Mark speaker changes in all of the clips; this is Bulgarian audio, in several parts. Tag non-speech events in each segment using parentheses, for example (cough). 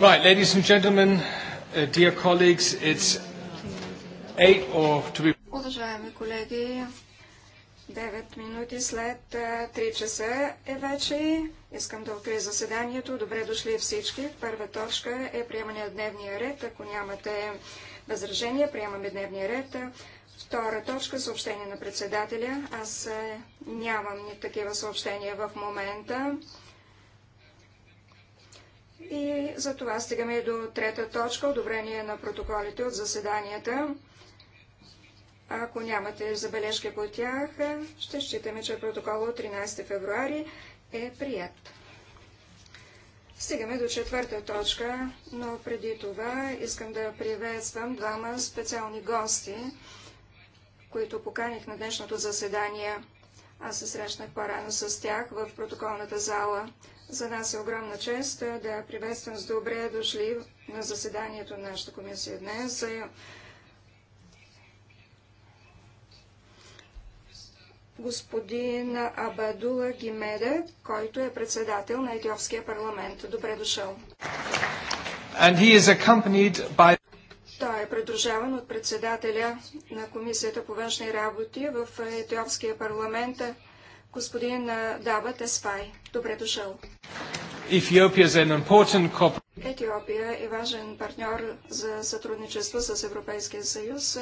Speaker 1: Right, ladies and gentlemen, uh, dear colleagues, it's eight or to be...
Speaker 2: Уважаеми колеги, 9 минути след 3 е, часа е вече. Искам да открия заседанието. Добре дошли всички. Първа точка е приемане на дневния ред. Ако нямате възражения, приемаме дневния ред. Втора точка – съобщение на председателя. Аз е, нямам ни такива съобщения в момента. И за това стигаме до трета точка – одобрение на протоколите от заседанията. Ако нямате забележки по тях, ще считаме, че протокол от 13 февруари е прият. Стигаме до четвърта точка, но преди това искам да приветствам двама специални гости, които поканих на днешното заседание. Аз се срещнах по-рано с тях в протоколната зала. За нас е огромна чест да приветствам с добре дошли на заседанието на нашата комисия днес. Господин Абадула Гимеде, който е председател на Етиопския парламент. Добре дошъл.
Speaker 3: And he is accompanied by...
Speaker 2: Той е придружаван от председателя на Комисията по външни работи в Етиопския парламент господин Дава Теспай. Добре дошъл. Етиопия е важен партньор за сътрудничество с Европейския съюз.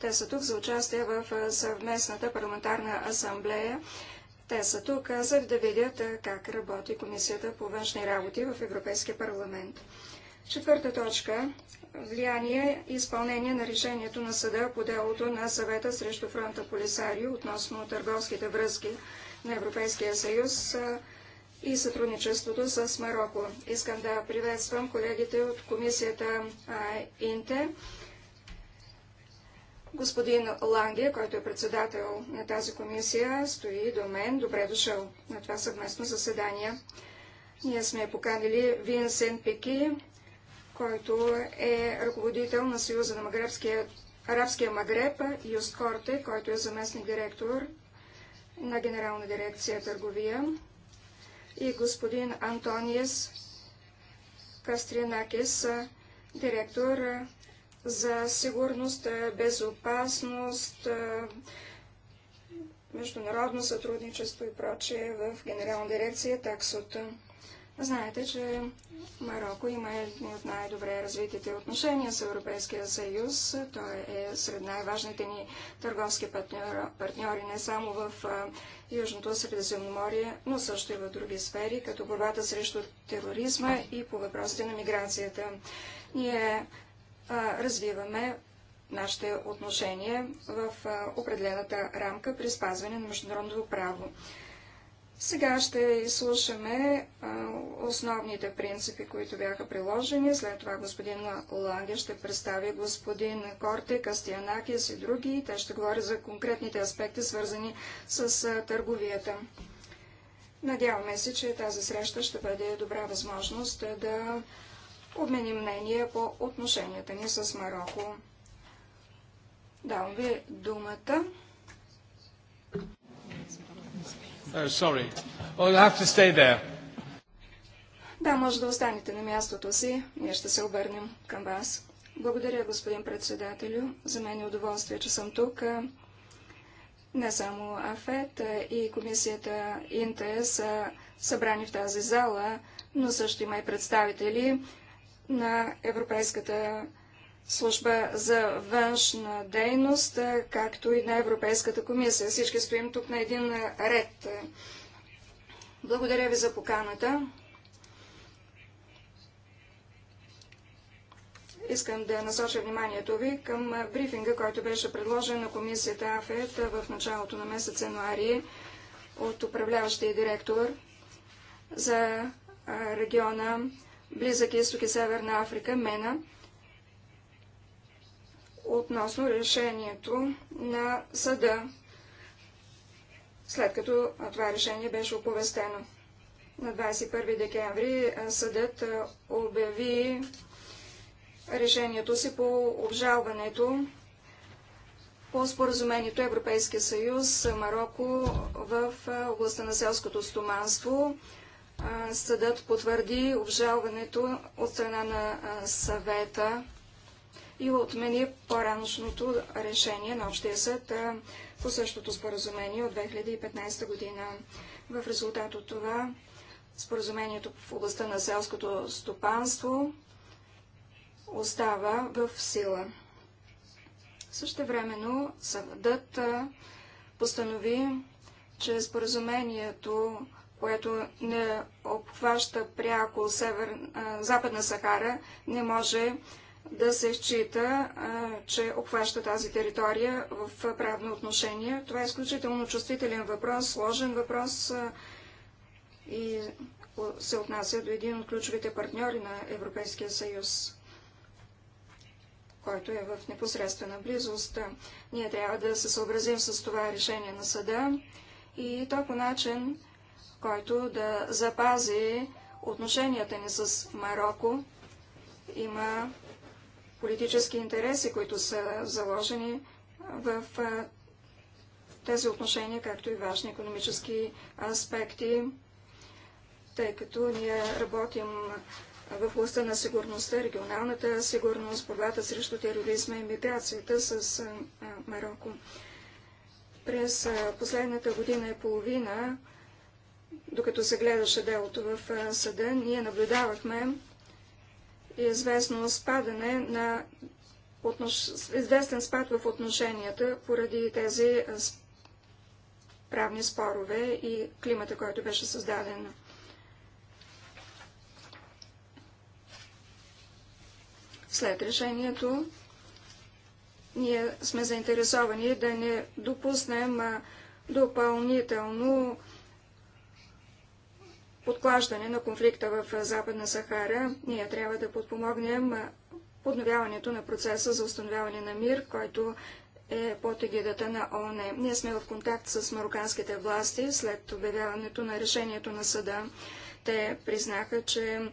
Speaker 2: Те са тук за участие в съвместната парламентарна асамблея. Те са тук, за да видят как работи Комисията по външни работи в Европейския парламент. Четвърта точка – влияние и изпълнение на решението на съда по делото на съвета срещу фронта Полисарио относно търговските връзки на Европейския съюз и сътрудничеството с Марокко. Искам да приветствам колегите от комисията ИНТЕ, господин Ланге, който е председател на тази комисия, стои до мен. Добре дошъл на това съвместно заседание. Ние сме поканили Винсен Пики, който е ръководител на Съюза на Магребския, Арабския Магреб, Юст Корте, който е заместник директор на Генерална дирекция търговия и господин Антониес Кастринакис, директор за сигурност, безопасност, международно сътрудничество и прочее в Генерална дирекция таксота. Знаете, че Марокко има едни от най-добре развитите отношения с Европейския съюз. Той е сред най-важните ни търговски партньори не само в Южното Средиземноморие, но също и в други сфери, като борбата срещу тероризма и по въпросите на миграцията. Ние развиваме нашите отношения в определената рамка при спазване на международното право. Сега ще изслушаме основните принципи, които бяха приложени. След това господин Ланге ще представи господин Корте, Кастиянакис и други. Те ще говорят за конкретните аспекти, свързани с търговията. Надяваме се, че тази среща ще бъде добра възможност да обменим мнение по отношенията ни с Марокко. Давам ви думата.
Speaker 1: Uh, sorry. Well, have to stay there.
Speaker 2: Да, може да останете на мястото си. Ние ще се обърнем към вас. Благодаря, господин председателю. За мен е удоволствие, че съм тук. Не само АФЕТ и комисията Инте са събрани в тази зала, но също има и представители на Европейската комисия служба за външна дейност, както и на Европейската комисия. Всички стоим тук на един ред. Благодаря ви за поканата. Искам да насоча вниманието ви към брифинга, който беше предложен на комисията АФЕТ в началото на месец януари от управляващия директор за региона Близък изток и Северна Африка, МЕНА относно решението на съда, след като това решение беше оповестено. На 21 декември съдът обяви решението си по обжалването по споразумението Европейския съюз Марокко в областта на селското стоманство. Съдът потвърди обжалването от страна на съвета и отмени по-раношното решение на Общия съд по същото споразумение от 2015 година. В резултат от това споразумението в областта на селското стопанство остава в сила. времено съдът постанови, че споразумението, което не обхваща пряко север, Западна Сахара, не може да се счита, че обхваща тази територия в правно отношение. Това е изключително чувствителен въпрос, сложен въпрос и се отнася до един от ключовите партньори на Европейския съюз, който е в непосредствена близост. Ние трябва да се съобразим с това решение на съда и то по начин, който да запази отношенията ни с Марокко. Има политически интереси, които са заложени в тези отношения, както и важни економически аспекти, тъй като ние работим в областта на сигурността, регионалната сигурност, борбата срещу тероризма и миграцията с Марокко. През последната година и половина, докато се гледаше делото в съда, ние наблюдавахме известно спадане на отнош... известен спад в отношенията поради тези правни спорове и климата, който беше създаден. След решението ние сме заинтересовани да не допуснем допълнително подклаждане на конфликта в Западна Сахара. Ние трябва да подпомогнем подновяването на процеса за установяване на мир, който е под егидата на ООН. Ние сме в контакт с мароканските власти след обявяването на решението на съда. Те признаха, че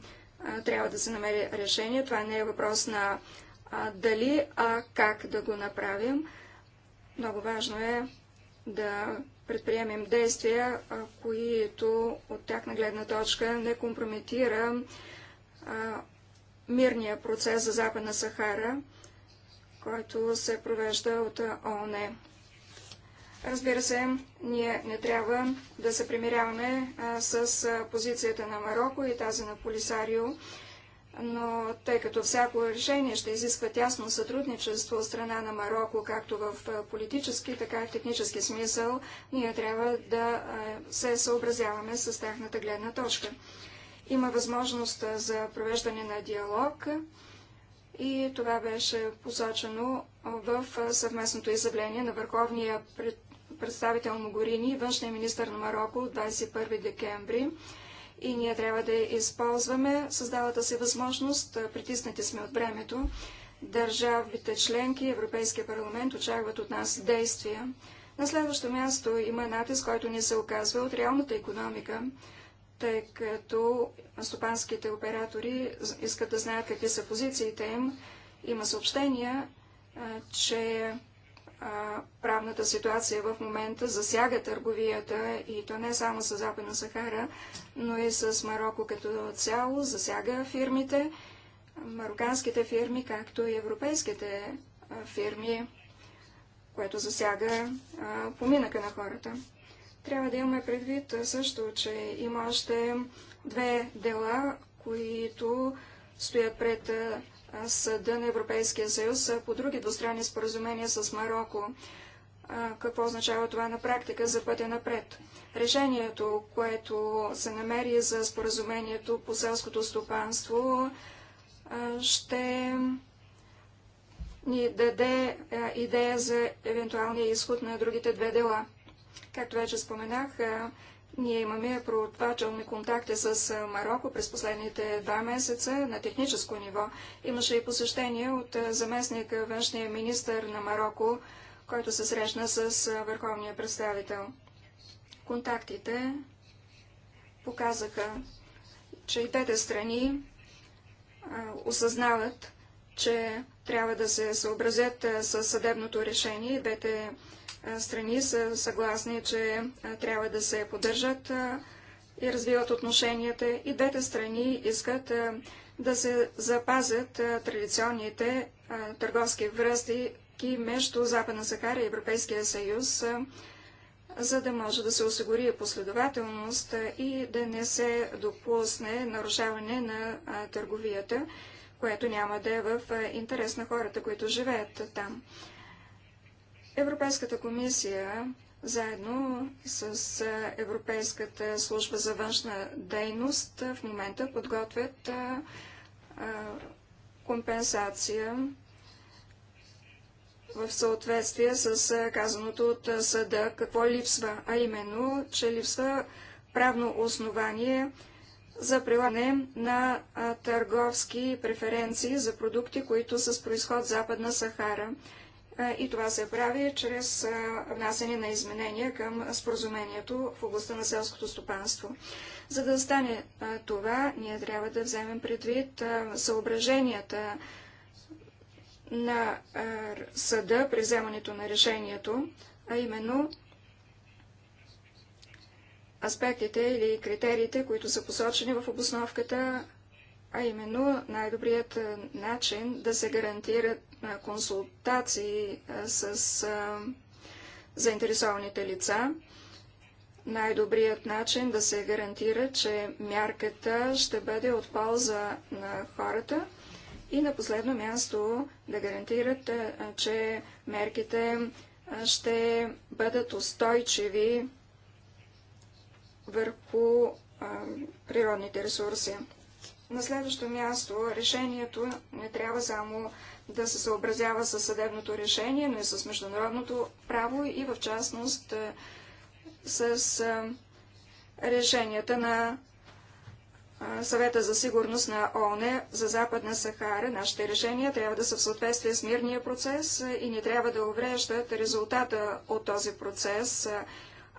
Speaker 2: трябва да се намери решение. Това не е въпрос на дали, а как да го направим. Много важно е да предприемем действия, които от тях на гледна точка не компрометира мирния процес за Западна Сахара, който се провежда от ООН. Разбира се, ние не трябва да се примиряваме с позицията на Марокко и тази на Полисарио но тъй като всяко решение ще изисква тясно сътрудничество от страна на Марокко, както в политически, така и в технически смисъл, ние трябва да се съобразяваме с тяхната гледна точка. Има възможност за провеждане на диалог и това беше посочено в съвместното изявление на върховния представител Могорини външния министр на Марокко 21 декември и ние трябва да използваме създалата се възможност, притиснати сме от времето, държавите членки, Европейския парламент очакват от нас действия. На следващо място има натиск, който ни се оказва от реалната економика, тъй като стопанските оператори искат да знаят какви са позициите им. Има съобщения, че правната ситуация в момента засяга търговията и то не само с Западна Сахара, но и с Марокко като цяло, засяга фирмите, мароканските фирми, както и европейските фирми, което засяга поминъка на хората. Трябва да имаме предвид също, че има още две дела, които стоят пред Съда на Европейския съюз по други двустранни споразумения с Марокко. Какво означава това на практика за пътя напред? Решението, което се намери за споразумението по селското стопанство, ще ни даде идея за евентуалния изход на другите две дела. Както вече споменах, ние имаме проотвачални контакти с Марокко през последните два месеца на техническо ниво. Имаше и посещение от заместник външния министр на Марокко, който се срещна с върховния представител. Контактите показаха, че и двете страни осъзнават, че трябва да се съобразят с съдебното решение. Двете е, страни са съгласни, че е, трябва да се поддържат е, и развиват отношенията. И двете страни искат да се запазят традиционните търговски връзки между Западна Сахара и Европейския съюз, за да може да се осигури последователност и да не се допусне нарушаване на търговията, което няма да е в интерес на хората, които живеят там. Европейската комисия заедно с Европейската служба за външна дейност в момента подготвят компенсация в съответствие с казаното от съда, какво липсва, а именно, че липсва правно основание за прилагане на търговски преференции за продукти, които са с происход Западна Сахара и това се прави чрез внасяне на изменения към споразумението в областта на селското стопанство. За да стане това, ние трябва да вземем предвид съображенията на съда при вземането на решението, а именно аспектите или критериите, които са посочени в обосновката, а именно най-добрият начин да се гарантират консултации с заинтересованите лица. Най-добрият начин да се гарантира, че мярката ще бъде от полза на хората и на последно място да гарантират, че мерките ще бъдат устойчиви върху природните ресурси. На следващо място решението не трябва само да се съобразява с съдебното решение, но и с международното право и в частност е, с е, решенията на е, Съвета за сигурност на ООН за Западна Сахара. Нашите решения трябва да са в съответствие с мирния процес и не трябва да увреждат резултата от този процес,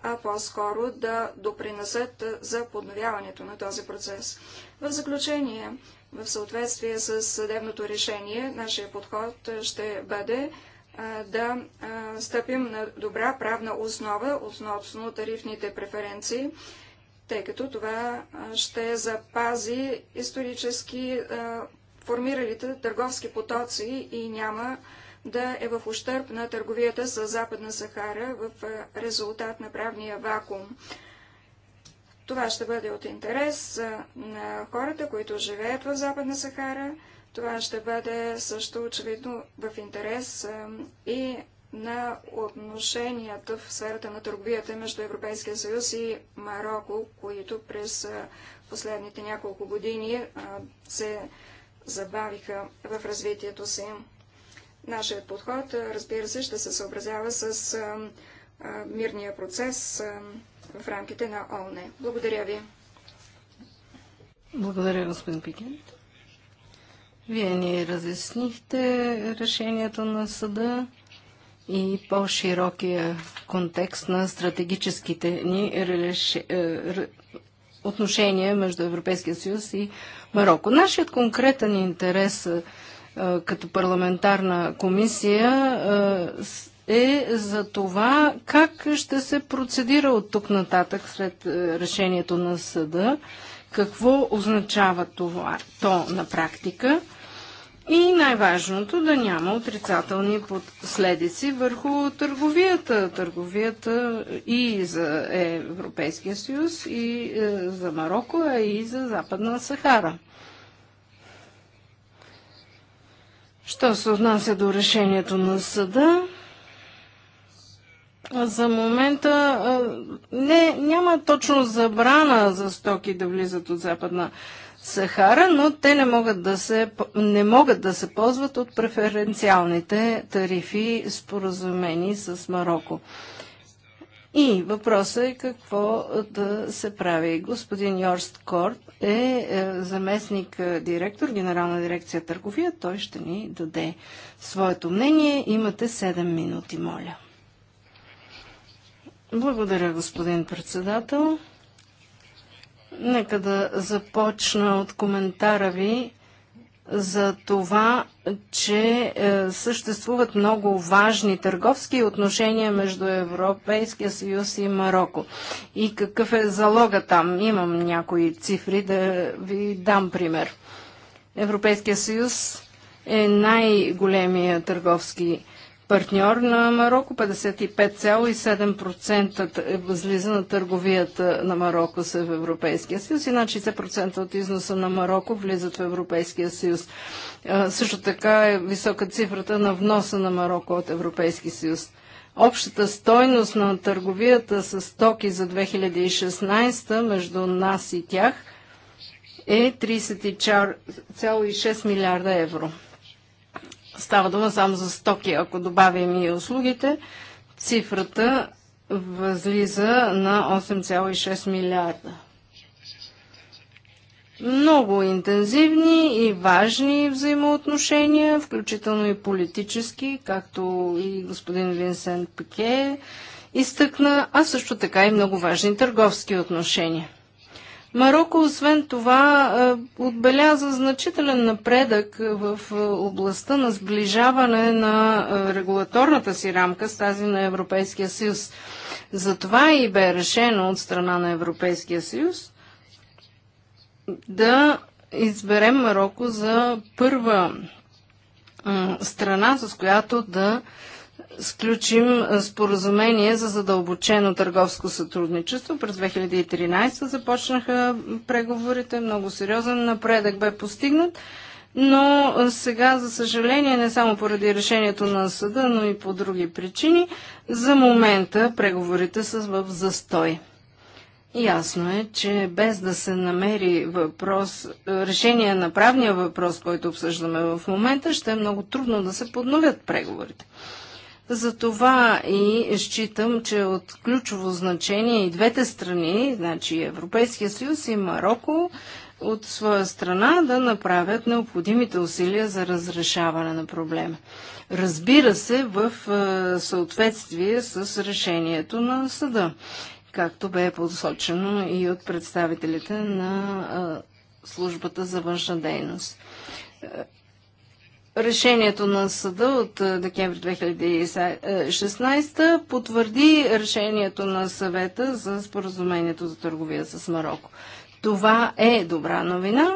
Speaker 2: а по-скоро да допринесат за подновяването на този процес. В заключение, в съответствие с съдебното решение, нашия подход ще бъде да стъпим на добра правна основа относно тарифните преференции, тъй като това ще запази исторически формиралите търговски потоци и няма да е в ущърп на търговията с Западна Сахара в резултат на правния вакуум. Това ще бъде от интерес на хората, които живеят в Западна Сахара. Това ще бъде също очевидно в интерес и на отношенията в сферата на търговията между Европейския съюз и Марокко, които през последните няколко години се забавиха в развитието си. Нашият подход, разбира се, ще се съобразява с мирния процес в рамките на ООН. Благодаря ви.
Speaker 1: Благодаря, господин Пикент. Вие ни разяснихте решението на съда и по-широкия контекст на стратегическите ни е, отношения между Европейския съюз и Марокко. Нашият конкретен интерес е, е, като парламентарна комисия е за това как ще се процедира от тук нататък след е, решението на съда, какво означава това то на практика и най-важното да няма отрицателни последици върху търговията. Търговията и за Европейския съюз, и е, за Марокко, а и за Западна Сахара. Що се отнася до решението на съда, за момента не, няма точно забрана за стоки да влизат от Западна Сахара, но те не могат да се, не могат да се ползват от преференциалните тарифи, споразумени с Марокко. И въпросът е какво да се прави. Господин Йорст Корт е, е заместник е, директор, генерална дирекция търговия. Той ще ни даде своето мнение. Имате 7 минути, моля. Благодаря, господин председател. Нека да започна от коментара ви за това, че е, съществуват много важни търговски отношения между Европейския съюз и Марокко. И какъв е залога там? Имам някои цифри да ви дам пример. Европейския съюз е най-големия търговски партньор на Марокко. 55,7% е, възлиза на търговията на Марокко с Европейския съюз и над 60% от износа на Марокко влизат в Европейския съюз. също така е висока цифрата на вноса на Марокко от Европейския съюз. Общата стойност на търговията с стоки за 2016 между нас и тях е 34,6 милиарда евро. Става дума само за стоки, ако добавим и услугите. Цифрата възлиза на 8,6 милиарда. Много интензивни и важни взаимоотношения, включително и политически, както и господин Винсент Пике изтъкна, а също така и много важни търговски отношения. Марокко, освен това, е, отбеляза значителен напредък в е, областта на сближаване на е, регулаторната си рамка с тази на Европейския съюз. Затова и бе решено от страна на Европейския съюз да изберем Марокко за първа страна, с която да сключим споразумение за задълбочено търговско сътрудничество. През 2013 започнаха преговорите, много сериозен напредък бе постигнат, но сега, за съжаление, не само поради решението на съда, но и по други причини, за момента преговорите са в застой. Ясно е, че без да се намери въпрос, решение на правния въпрос, който обсъждаме в момента, ще е много трудно да се подновят преговорите. Затова и считам, че от ключово значение и двете страни, значи Европейския съюз и Марокко, от своя страна да направят необходимите усилия за разрешаване на проблема. Разбира се, в е, съответствие с решението на съда, както бе посочено и от представителите на е, службата за външна дейност. Е, Решението на съда от е, декември 2016 е, потвърди решението на съвета за споразумението за търговия с Марокко. Това е добра новина,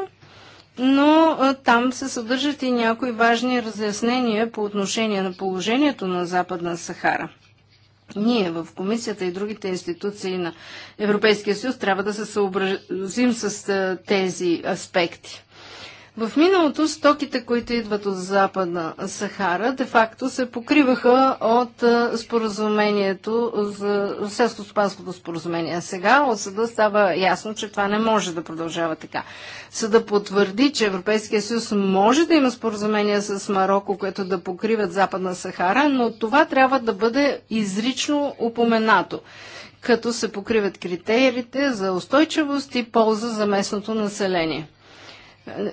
Speaker 1: но е, там се съдържат и някои важни разяснения по отношение на положението на Западна Сахара. Ние в комисията и другите институции на Европейския съюз трябва да се съобразим с тези аспекти. В миналото стоките, които идват от Западна Сахара, де-факто се покриваха от споразумението за селско-спанското споразумение. Сега от съда става ясно, че това не може да продължава така. Съда потвърди, че Европейския съюз може да има споразумение с Марокко, което да покриват Западна Сахара, но това трябва да бъде изрично упоменато като се покриват критериите за устойчивост и полза за местното население.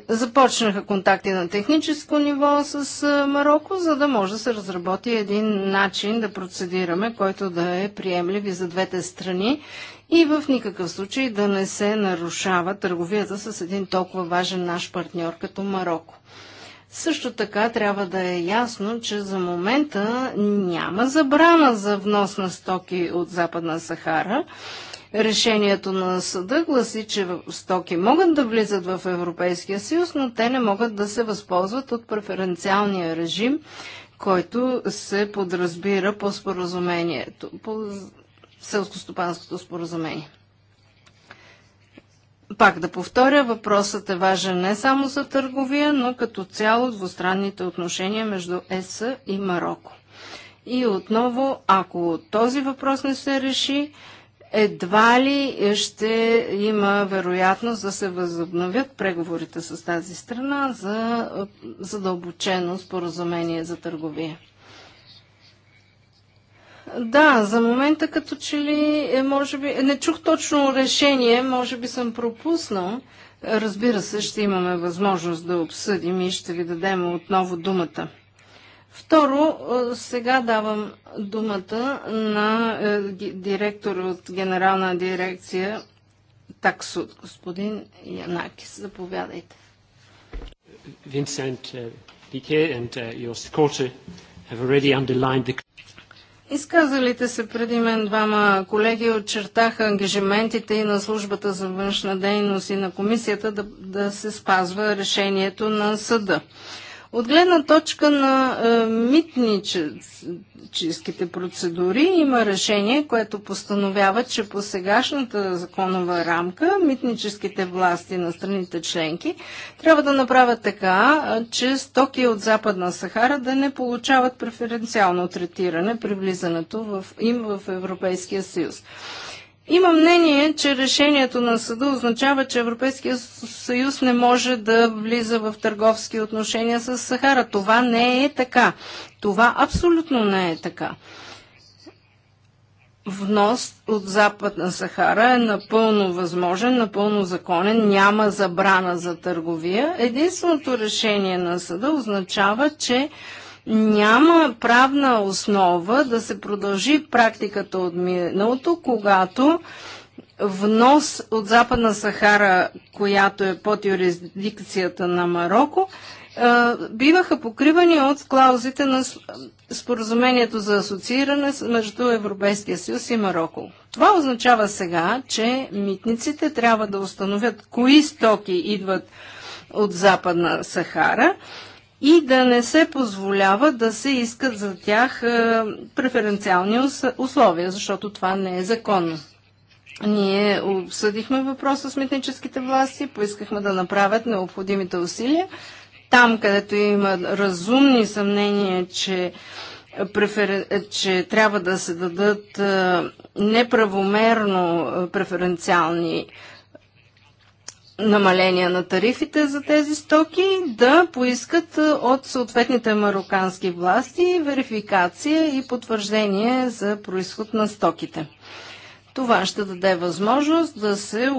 Speaker 1: Започнаха контакти на техническо ниво с Марокко, за да може да се разработи един начин да процедираме, който да е приемлив и за двете страни и в никакъв случай да не се нарушава търговията с един толкова важен наш партньор като Марокко. Също така трябва да е ясно, че за момента няма забрана за внос на стоки от Западна Сахара Решението на съда гласи, че стоки могат да влизат в Европейския съюз, но те не могат да се възползват от преференциалния режим, който се подразбира по споразумението, по селскостопанското споразумение. Пак да повторя, въпросът е важен не само за търговия, но като цяло двустранните отношения между ЕС и Марокко. И отново, ако този въпрос не се реши, едва ли ще има вероятност да се възобновят преговорите с тази страна за задълбочено споразумение за търговия. Да, за момента като че ли, е, може би, не чух точно решение, може би съм пропуснал. Разбира се, ще имаме възможност да обсъдим и ще ви дадем отново думата. Второ, сега давам думата на е, директор от Генерална дирекция Таксуд, господин Янакис. Заповядайте. Винсент Пике и Йост Корте
Speaker 2: have underlined the
Speaker 1: Изказалите се преди мен двама колеги очертаха ангажиментите и на службата за външна дейност и на комисията да, да се спазва решението на съда. От гледна точка на е, митническите процедури има решение, което постановява, че по сегашната законова рамка митническите власти на страните членки трябва да направят така, е, че стоки от Западна Сахара да не получават преференциално третиране при влизането в, им в Европейския съюз. Има мнение, че решението на съда означава, че Европейския съюз не може да влиза в търговски отношения с Сахара. Това не е така. Това абсолютно не е така. Внос от Запад на Сахара е напълно възможен, напълно законен, няма забрана за търговия. Единственото решение на съда означава, че няма правна основа да се продължи практиката от миналото, когато внос от Западна Сахара, която е под юрисдикцията на Марокко, биваха покривани от клаузите на споразумението за асоцииране между Европейския съюз и Марокко. Това означава сега, че митниците трябва да установят кои стоки идват от Западна Сахара и да не се позволява да се искат за тях е, преференциални условия, защото това не е законно. Ние обсъдихме въпроса с митническите власти, поискахме да направят необходимите усилия. Там, където има разумни съмнения, че, префер... че трябва да се дадат е, неправомерно е, преференциални намаления на тарифите за тези стоки, да поискат от съответните марокански власти верификация и потвърждение за происход на стоките. Това ще даде възможност да се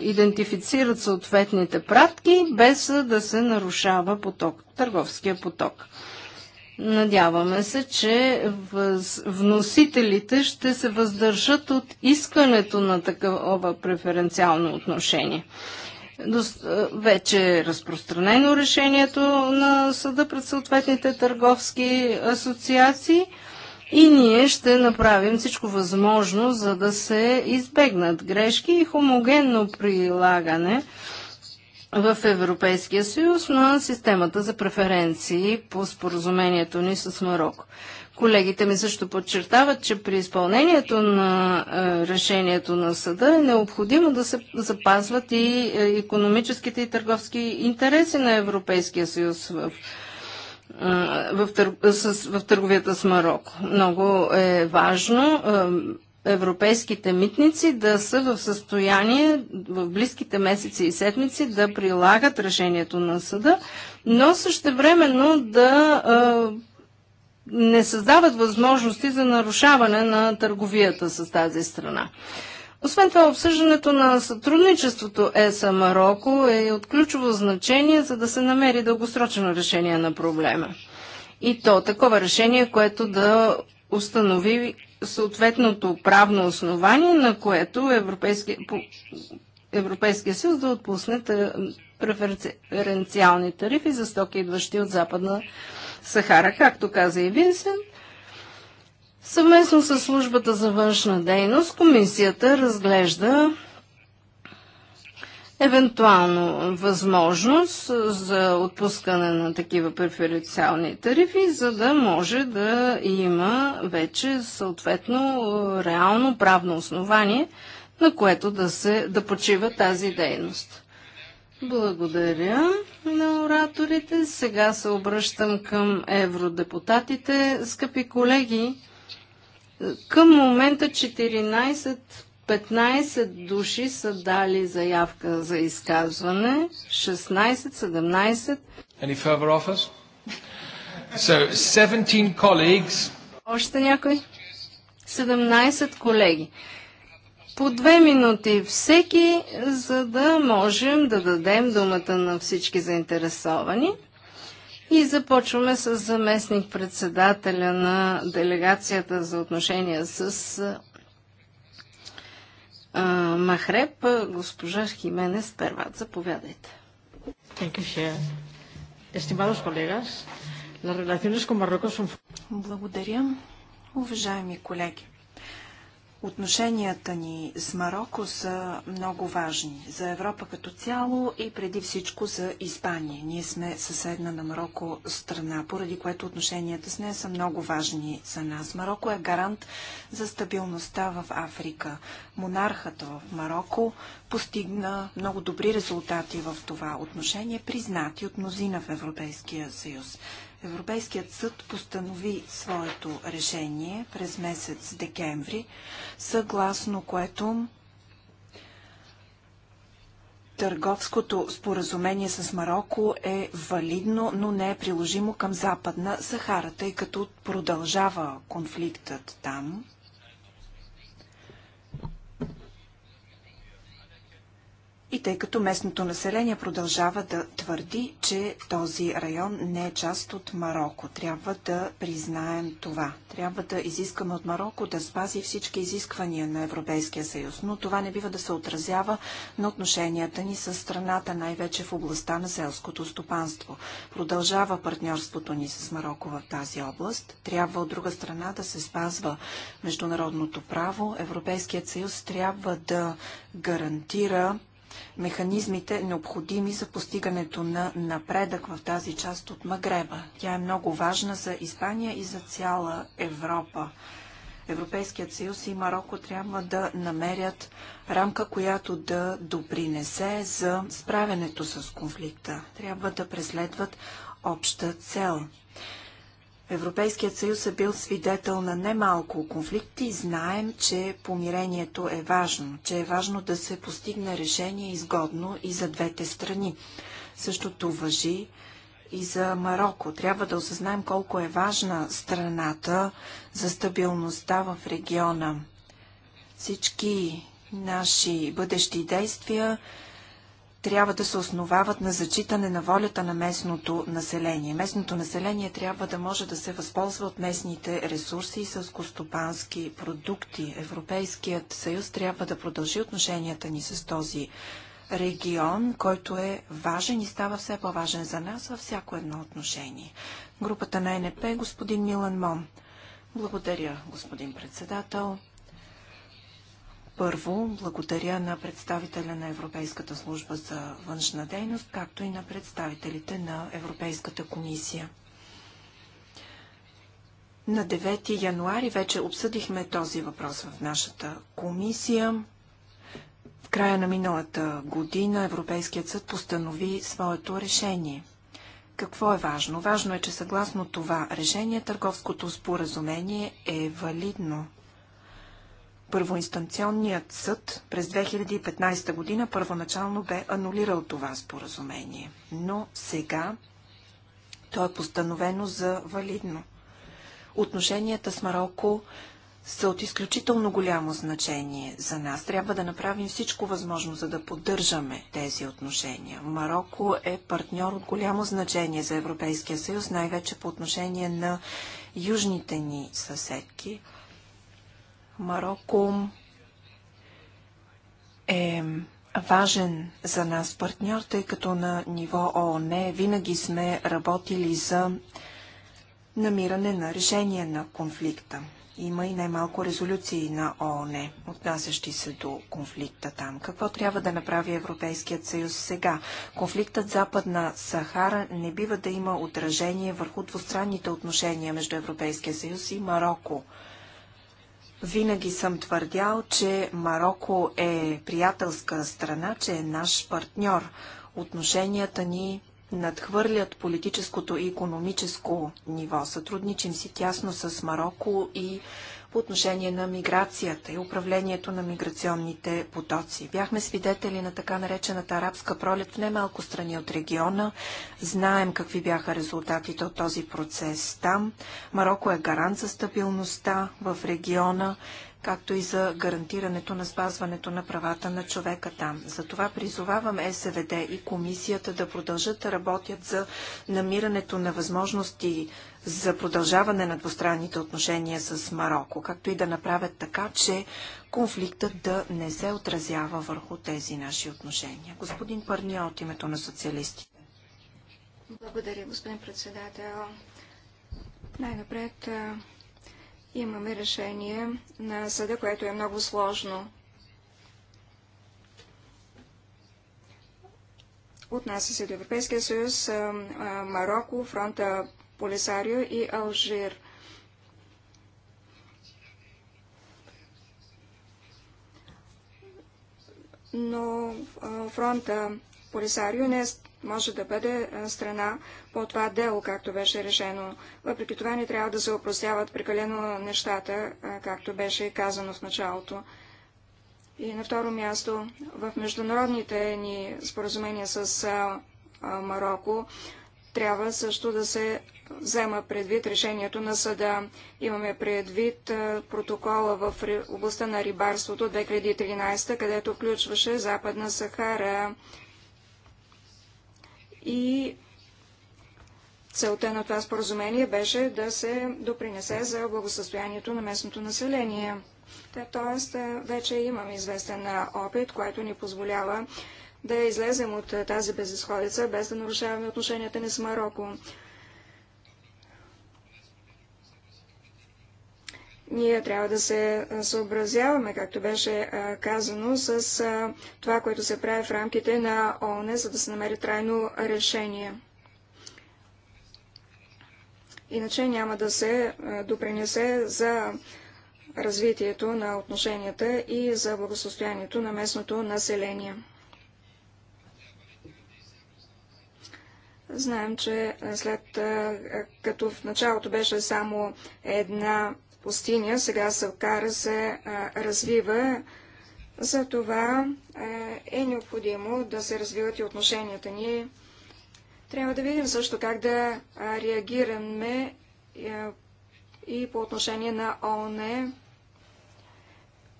Speaker 1: идентифицират съответните пратки, без да се нарушава поток, търговския поток. Надяваме се, че вносителите ще се въздържат от искането на такова преференциално отношение. Вече е разпространено решението на съда пред съответните търговски асоциации и ние ще направим всичко възможно, за да се избегнат грешки и хомогенно прилагане в Европейския съюз на системата за преференции по споразумението ни с Марокко. Колегите ми също подчертават, че при изпълнението на е, решението на съда е необходимо да се запазват и економическите и търговски интереси на Европейския съюз в е, в, с... в търговията с Марокко. Много е важно е, европейските митници да са в състояние в близките месеци и седмици да прилагат решението на съда, но същевременно да е, не създават възможности за нарушаване на търговията с тази страна. Освен това, обсъждането на сътрудничеството ЕСА Марокко е от ключово значение, за да се намери дългосрочно решение на проблема. И то такова решение, което да установи съответното правно основание, на което европейски, Европейския съюз да отпусне преференциални тарифи за стоки, идващи от Западна Сахара. Както каза и Винсент, съвместно с службата за външна дейност, комисията разглежда евентуално възможност за отпускане на такива преференциални тарифи, за да може да има вече съответно реално правно основание – на което да, се, да почива тази дейност. Благодаря на ораторите. Сега се обръщам към евродепутатите. Скъпи колеги, към момента 14-15 души са дали заявка за изказване. 16-17. Any further offers? So, 17 colleagues. Още някой? 17 колеги. По две минути всеки, за да можем да дадем думата на всички заинтересовани. И започваме с заместник председателя на делегацията за отношения с а, Махреб, госпожа Хименес Перват. Заповядайте.
Speaker 3: Благодаря. Уважаеми колеги, Отношенията ни с Марокко са много важни за Европа като цяло и преди всичко за Испания. Ние сме съседна на Марокко страна, поради което отношенията с нея са много важни за нас. Марокко е гарант за стабилността в Африка. Монархът в Марокко постигна много добри резултати в това отношение, признати от мнозина в Европейския съюз. Европейският съд постанови своето решение през месец декември, съгласно което търговското споразумение с Марокко е валидно, но не е приложимо към Западна Сахара, тъй като продължава конфликтът там. И тъй като местното население продължава да твърди, че този район не е част от Марокко, трябва да признаем това. Трябва да изискаме от Марокко да спази всички изисквания на Европейския съюз, но това не бива да се отразява на отношенията ни с страната, най-вече в областта на селското стопанство. Продължава партньорството ни с Марокко в тази област. Трябва от друга страна да се спазва международното право. Европейският съюз трябва да гарантира механизмите необходими за постигането на напредък в тази част от Магреба. Тя е много важна за Испания и за цяла Европа. Европейският съюз и Марокко трябва да намерят рамка, която да допринесе за справянето с конфликта. Трябва да преследват обща цел. Европейският съюз е бил свидетел на немалко конфликти. Знаем, че помирението е важно, че е важно да се постигне решение изгодно и за двете страни. Същото въжи и за Марокко. Трябва да осъзнаем колко е важна страната за стабилността в региона. Всички наши бъдещи действия трябва да се основават на зачитане на волята на местното население. Местното население трябва да може да се възползва от местните ресурси и сълскостопански продукти. Европейският съюз трябва да продължи отношенията ни с този регион, който е важен и става все по-важен за нас във всяко едно отношение. Групата на НП, господин Милан Мон. Благодаря, господин председател. Първо, благодаря на представителя на Европейската служба за външна дейност, както и на представителите на Европейската комисия. На 9 януари вече обсъдихме този въпрос в нашата комисия. В края на миналата година Европейският съд постанови своето решение. Какво е важно? Важно е, че съгласно това решение търговското споразумение е валидно – Първоинстанционният съд през 2015 година първоначално бе анулирал това споразумение, но сега то е постановено за валидно. Отношенията с Марокко са от изключително голямо значение за нас. Трябва да направим всичко възможно, за да поддържаме тези отношения. Марокко е партньор от голямо значение за Европейския съюз, най-вече по отношение на южните ни съседки – Марокко е важен за нас партньор, тъй като на ниво ООН винаги сме работили за намиране на решение на конфликта. Има и най-малко резолюции на ООН, отнасящи се до конфликта там. Какво трябва да направи Европейският съюз сега? Конфликтът Западна Сахара не бива да има отражение върху двустранните отношения между Европейския съюз и Марокко. Винаги съм твърдял, че Марокко е приятелска страна, че е наш партньор. Отношенията ни надхвърлят политическото и економическо ниво. Сътрудничим си тясно с Марокко и по отношение на миграцията и управлението на миграционните потоци. Бяхме свидетели на така наречената арабска пролет в немалко страни от региона. Знаем какви бяха резултатите от този процес там. Марокко е гарант за стабилността в региона както и за гарантирането на спазването на правата на човека там. Затова призовавам СВД и комисията да продължат да работят за намирането на възможности за продължаване на двустранните отношения с Марокко, както и да направят така, че конфликтът да не се отразява върху тези наши отношения. Господин Пърния от името на социалистите.
Speaker 2: Благодаря, господин председател. Най-напред имаме решение на съда, което е много сложно. Отнася се до Европейския съюз, Марокко, фронта Полисарио и Алжир. Но фронта Полисарио не е може да бъде страна по това дело, както беше решено. Въпреки това не трябва да се опростяват прекалено нещата, както беше казано в началото. И на второ място, в международните ни споразумения с Марокко трябва също да се взема предвид решението на съда. Имаме предвид протокола в областта на рибарството 2013, където включваше Западна Сахара, и целта на това споразумение беше да се допринесе за благосъстоянието на местното население. Тоест, вече имам известен опит, който ни позволява да излезем от тази безисходица, без да нарушаваме отношенията ни с Марокко. Ние трябва да се съобразяваме, както беше казано, с това, което се прави в рамките на ООН, за да се намери трайно решение. Иначе няма да се допринесе за развитието на отношенията и за благосостоянието на местното население. Знаем, че след като в началото беше само една пустиня, сега Савкара се а, развива. това е необходимо да се развиват и отношенията ни. Трябва да видим също как да реагираме и по отношение на ООН.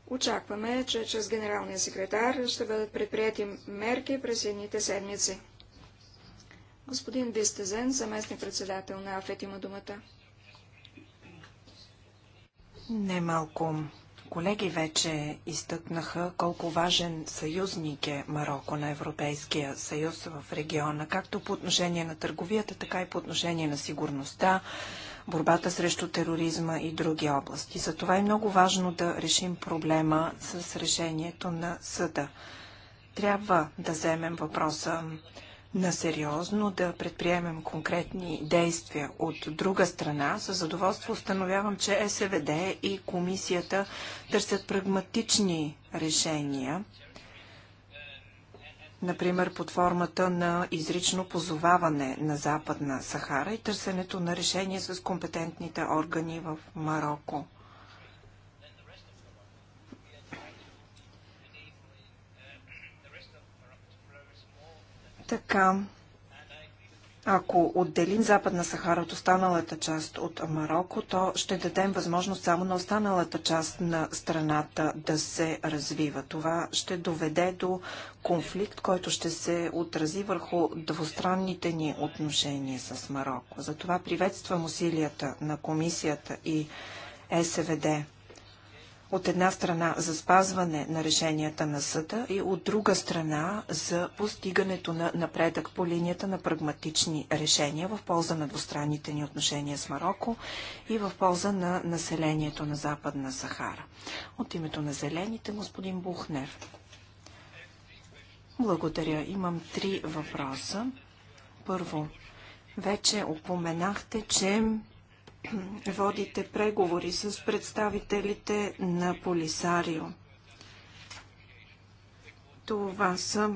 Speaker 2: Очакваме, че чрез генералния секретар ще бъдат предприяти мерки през едните седмици. Господин Вистезен, заместник председател на АФЕТ, има думата.
Speaker 3: Немалко колеги вече изтъкнаха колко важен съюзник е Марокко на Европейския съюз в региона, както по отношение на търговията, така и по отношение на сигурността, борбата срещу тероризма и други области. Затова е много важно да решим проблема с решението на съда. Трябва да вземем въпроса на сериозно да предприемем конкретни действия. От друга страна, със задоволство установявам, че СВД и комисията търсят прагматични решения, например под формата на изрично позоваване на Западна Сахара и търсенето на решение с компетентните органи в Марокко. Така, ако отделим Западна Сахара от останалата част от Марокко, то ще дадем възможност само на останалата част на страната да се развива. Това ще доведе до конфликт, който ще се отрази върху двустранните ни отношения с Марокко. Затова приветствам усилията на комисията и СВД от една страна за спазване на решенията на съда и от друга страна за постигането на напредък по линията на прагматични решения в полза на двустранните ни отношения с Марокко и в полза на населението на Западна Сахара. От името на Зелените, господин Бухнер. Благодаря. Имам три въпроса. Първо, вече упоменахте, че (clears throat) водите преговори с представителите на Полисарио. Това са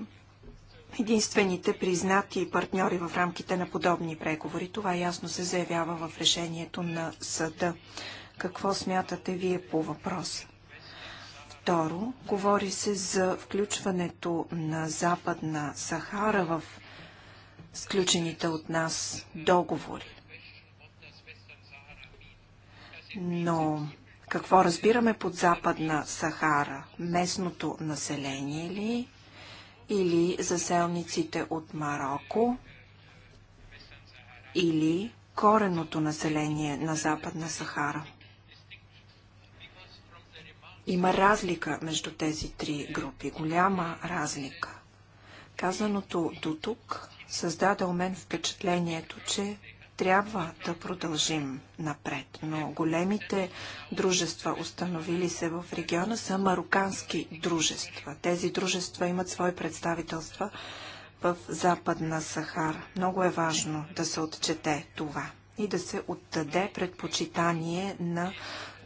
Speaker 3: единствените признати партньори в рамките на подобни преговори. Това ясно се заявява в решението на съда. Какво смятате вие по въпроса? Второ, говори се за включването на Западна Сахара в сключените от нас договори. Но какво разбираме под Западна Сахара? Местното население ли? Или заселниците от Марокко? Или кореното население на Западна Сахара? Има разлика между тези три групи, голяма разлика. Казаното до тук създаде у мен впечатлението, че трябва да продължим напред, но големите дружества, установили се в региона, са марокански дружества. Тези дружества имат свои представителства в Западна Сахара. Много е важно да се отчете това и да се отдаде предпочитание на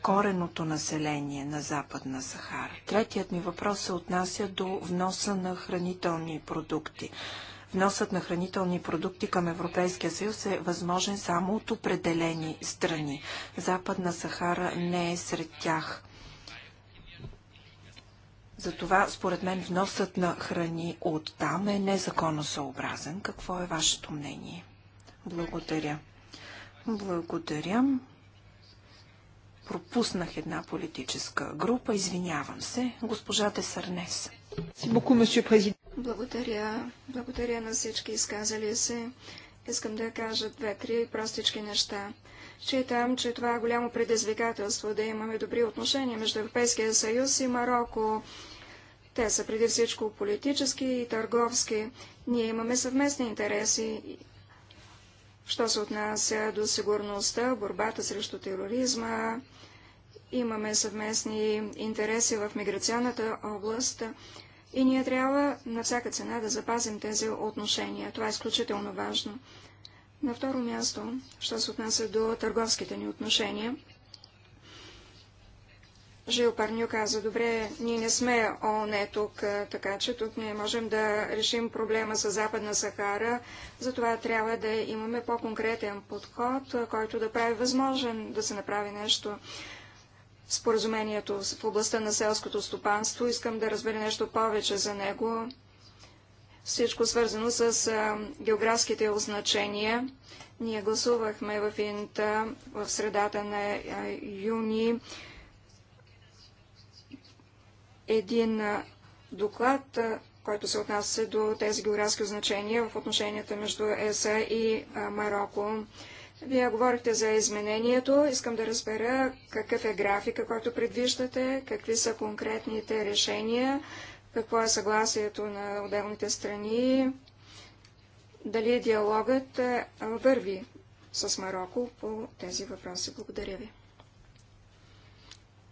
Speaker 3: кореното население на Западна Сахара. Третият ми въпрос се отнася до вноса на хранителни продукти. Вносът на хранителни продукти към Европейския съюз е възможен само от определени страни. Западна Сахара не е сред тях. Затова, според мен, вносът на храни от там е незаконосъобразен. Какво е вашето мнение? Благодаря. Благодаря. Пропуснах една политическа група. Извинявам се. Госпожа Десарнес.
Speaker 2: Благодаря. Благодаря на всички изказали се. Искам да кажа две-три простички неща. Считам, че това е голямо предизвикателство да имаме добри отношения между Европейския съюз и Марокко. Те са преди всичко политически и търговски. Ние имаме съвместни интереси. Що се отнася до сигурността, борбата срещу тероризма, имаме съвместни интереси в миграционната област и ние трябва на всяка цена да запазим тези отношения. Това е изключително важно. На второ място, що се отнася до търговските ни отношения, Жил Парню каза, добре, ние не сме ООН тук, така че тук не можем да решим проблема с Западна Сахара, затова трябва да имаме по-конкретен подход, който да прави възможен да се направи нещо споразумението в областта на селското стопанство. Искам да разбера нещо повече за него. Всичко свързано с географските означения. Ние гласувахме в Инта в средата на юни един доклад, който се отнася до тези географски означения в отношенията между ЕСА и Марокко. Вие говорихте за изменението. Искам да разбера какъв е графика, който предвиждате, какви са конкретните решения, какво е съгласието на отделните страни, дали диалогът е, върви с Марокко по тези въпроси. Благодаря ви.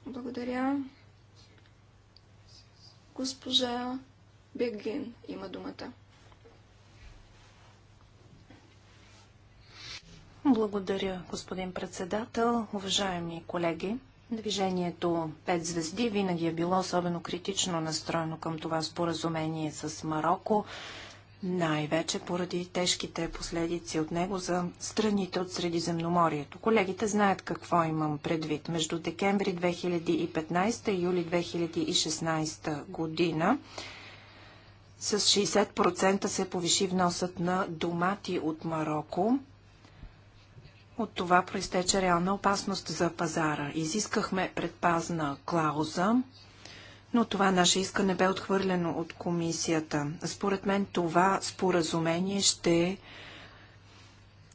Speaker 2: Благодаря. Госпожа Бегин има думата.
Speaker 3: Благодаря, господин председател. Уважаеми колеги, движението 5 звезди винаги е било особено критично настроено към това споразумение с Марокко, най-вече поради тежките последици от него за страните от Средиземноморието. Колегите знаят какво имам предвид. Между декември 2015 и юли 2016 година с 60% се повиши вносът на домати от Марокко. От това проистече реална опасност за пазара. Изискахме предпазна клауза, но това наше искане бе отхвърлено от комисията. Според мен това споразумение ще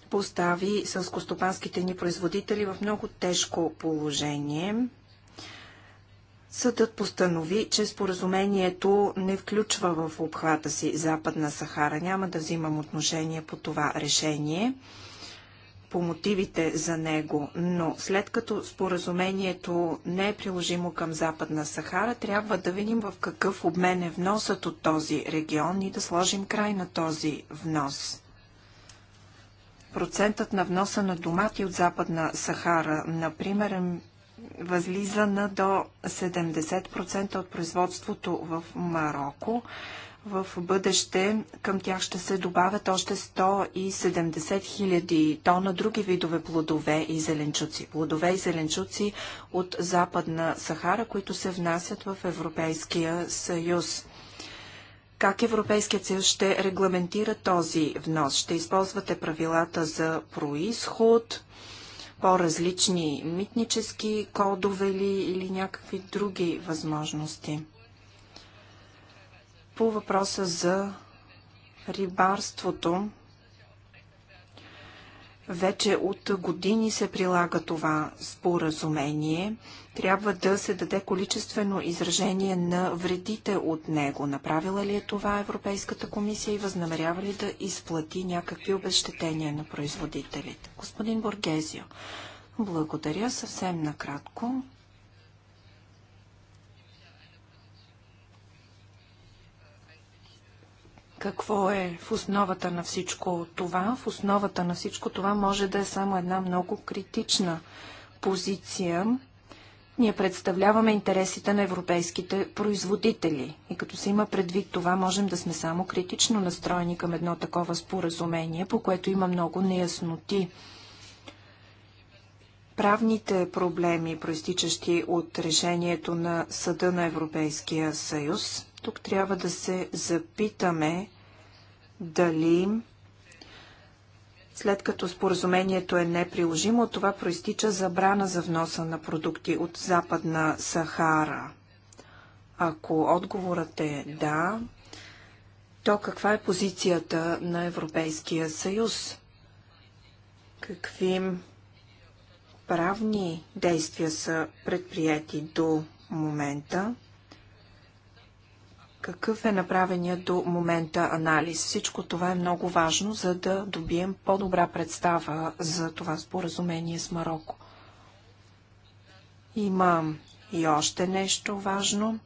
Speaker 3: постави сълскостопанските ни производители в много тежко положение. Съдът постанови, че споразумението не включва в обхвата си Западна Сахара. Няма да взимам отношение по това решение по мотивите за него, но след като споразумението не е приложимо към Западна Сахара, трябва да видим в какъв обмен е вносът от този регион и да сложим край на този внос. Процентът на вноса на домати от Западна Сахара, например, е възлиза на до 70% от производството в Марокко, в бъдеще към тях ще се добавят още 170 000 тона други видове плодове и зеленчуци. Плодове и зеленчуци от Западна Сахара, които се внасят в Европейския съюз. Как Европейският съюз ще регламентира този внос? Ще използвате правилата за происход, по-различни митнически кодове ли или някакви други възможности? По въпроса за рибарството, вече от години се прилага това споразумение. Трябва да се даде количествено изражение на вредите от него. Направила ли е това Европейската комисия и възнамерява ли да изплати някакви обещетения на производителите? Господин Боргезио, благодаря съвсем накратко. какво е в основата на всичко това. В основата на всичко това може да е само една много критична позиция. Ние представляваме интересите на европейските производители и като се има предвид това, можем да сме само критично настроени към едно такова споразумение, по което има много неясноти. Правните проблеми, проистичащи от решението на Съда на Европейския съюз, тук трябва да се запитаме дали след като споразумението е неприложимо, това проистича забрана за вноса на продукти от Западна Сахара. Ако отговорът е да, то каква е позицията на Европейския съюз? Какви правни действия са предприяти до момента? какъв е направеният до момента анализ. Всичко това е много важно, за да добием по-добра представа за това споразумение с Марокко. Има и още нещо важно.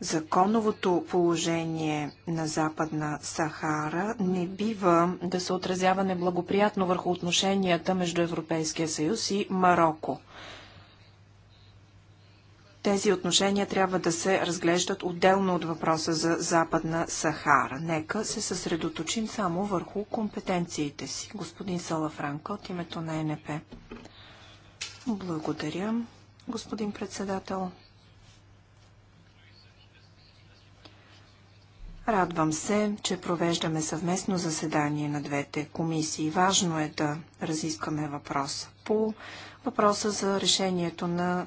Speaker 3: Законовото положение на Западна Сахара не бива да се отразява неблагоприятно върху отношенията между Европейския съюз и Марокко. Тези отношения трябва да се разглеждат отделно от въпроса за Западна Сахара. Нека се съсредоточим само върху компетенциите си. Господин Салафранко от името на НП. Благодаря, господин председател. Радвам се, че провеждаме съвместно заседание на двете комисии. Важно е да разискаме въпроса по въпроса за решението на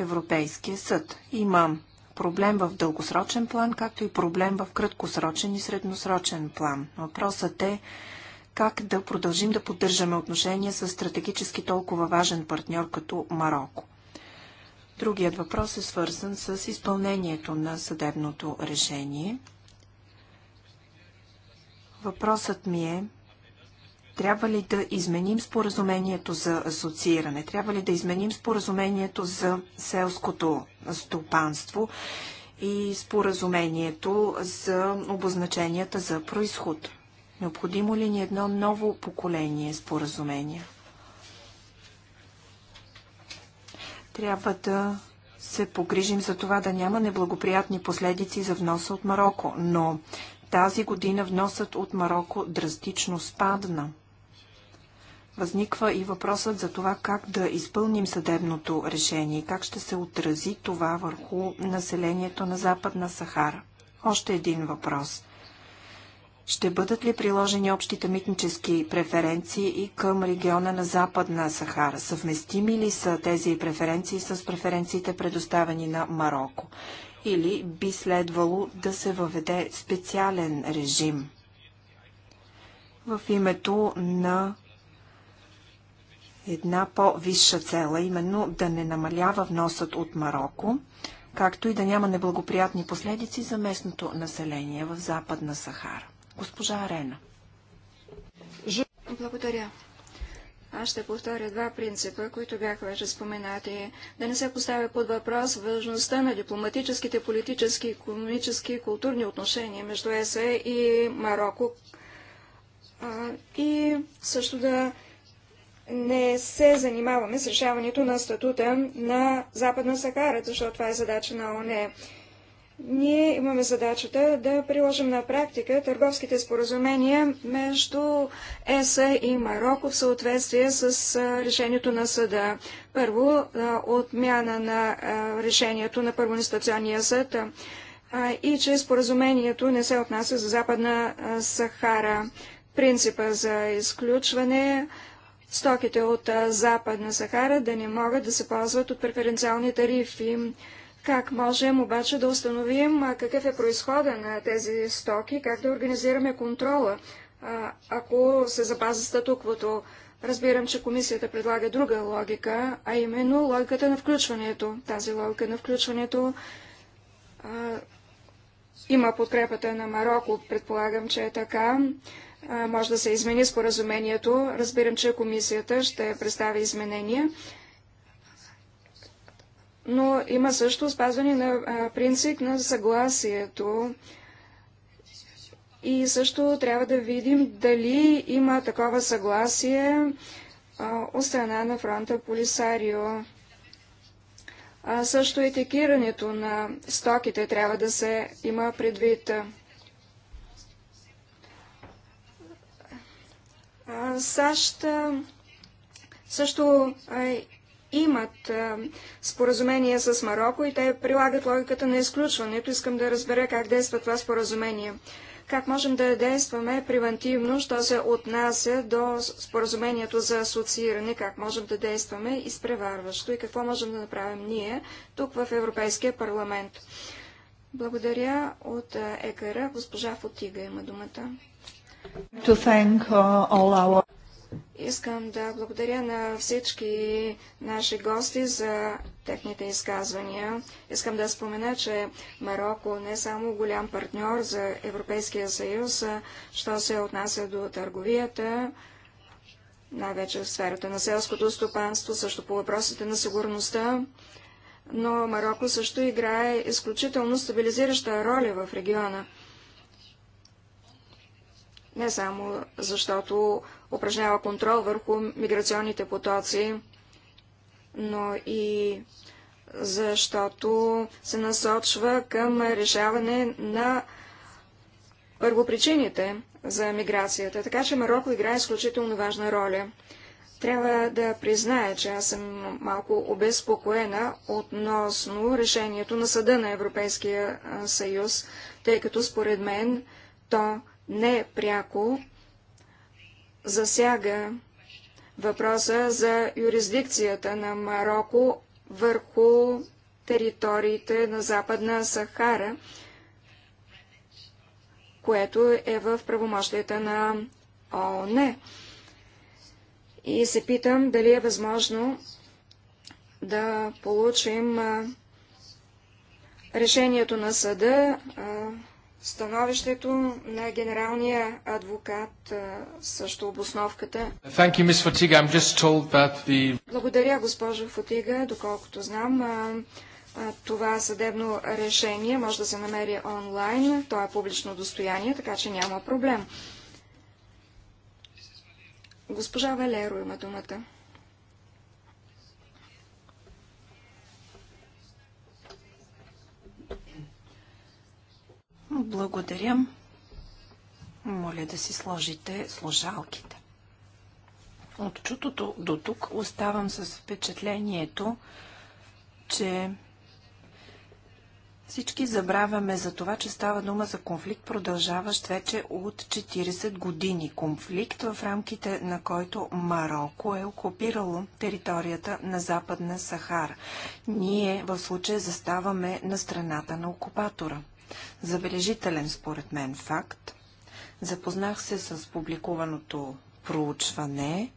Speaker 3: Европейския съд. Има проблем в дългосрочен план, както и проблем в краткосрочен и средносрочен план. Въпросът е как да продължим да поддържаме отношения с стратегически толкова важен партньор като Марокко. Другият въпрос е свързан с изпълнението на съдебното решение. Въпросът ми е трябва ли да изменим споразумението за асоцииране? Трябва ли да изменим споразумението за селското стопанство и споразумението за обозначенията за происход? Необходимо ли ни е едно ново поколение споразумения? Трябва да се погрижим за това да няма неблагоприятни последици за вноса от Марокко, но тази година вносът от Марокко драстично спадна. Възниква и въпросът за това как да изпълним съдебното решение и как ще се отрази това върху населението на Западна Сахара. Още един въпрос. Ще бъдат ли приложени общите митнически преференции и към региона на Западна Сахара? Съвместими ли са тези преференции с преференциите предоставени на Марокко? или би следвало да се въведе специален режим в името на една по-висша цела, именно да не намалява вносът от Марокко, както и да няма неблагоприятни последици за местното население в Западна Сахара. Госпожа Арена.
Speaker 2: Благодаря. Аз ще повторя два принципа, които бяха вече споменати. Да не се поставя под въпрос важността на дипломатическите, политически, економически и културни отношения между ЕСЕ и Марокко. А, и също да не се занимаваме с решаването на статута на Западна Сахара, защото това е задача на ОНЕ ние имаме задачата да приложим на практика търговските споразумения между ЕСА и Марокко в съответствие с решението на съда. Първо, отмяна на решението на първоинстационния съд и че споразумението не се отнася за Западна Сахара. Принципа за изключване стоките от Западна Сахара да не могат да се ползват от преференциални тарифи. Как можем обаче да установим какъв е происхода на тези стоки, как да организираме контрола, ако се запази статуквото? Разбирам, че комисията предлага друга логика, а именно логиката на включването. Тази логика на включването а, има подкрепата на Марокко, предполагам, че е така. А, може да се измени споразумението. Разбирам, че комисията ще представи изменения но има също спазване на принцип на съгласието. И също трябва да видим дали има такова съгласие от страна на фронта Полисарио. А също етикирането на стоките трябва да се има предвид. САЩ също имат е, споразумение с Марокко и те прилагат логиката на изключването. Искам да разбера как действа това споразумение. Как можем да действаме превентивно, що се отнася до споразумението за асоцииране, как можем да действаме изпреварващо и какво можем да направим ние тук в Европейския парламент. Благодаря от е, ЕКР. Госпожа Фотига има думата.
Speaker 3: Uh, our...
Speaker 2: Искам да благодаря на всички наши гости за техните изказвания. Искам да спомена, че Марокко не е само голям партньор за Европейския съюз, що се отнася до търговията, най-вече в сферата на селското стопанство, също по въпросите на сигурността, но Марокко също играе изключително стабилизираща роля в региона. Не само защото упражнява контрол върху миграционните потоци, но и защото се насочва към решаване на първопричините за миграцията. Така че Марокко играе изключително важна роля. Трябва да призная, че аз съм малко обезпокоена относно решението на Съда на Европейския съюз, тъй като според мен то не е пряко засяга въпроса за юрисдикцията на Марокко върху териториите на Западна Сахара, което е в правомощията на ООН. И се питам дали е възможно да получим решението на съда Становището на генералния адвокат също обосновката.
Speaker 3: The...
Speaker 2: Благодаря, госпожо Фотига. Доколкото знам, това съдебно решение може да се намери онлайн. То е публично достояние, така че няма проблем. Госпожа Валеро има думата.
Speaker 3: Благодаря. Моля да си сложите служалките. От чутото до тук оставам с впечатлението, че всички забравяме за това, че става дума за конфликт, продължаващ вече от 40 години. Конфликт в рамките на който Марокко е окупирало територията на Западна Сахара. Ние в случая заставаме на страната на окупатора. Забележителен според мен факт. Запознах се с публикуваното проучване,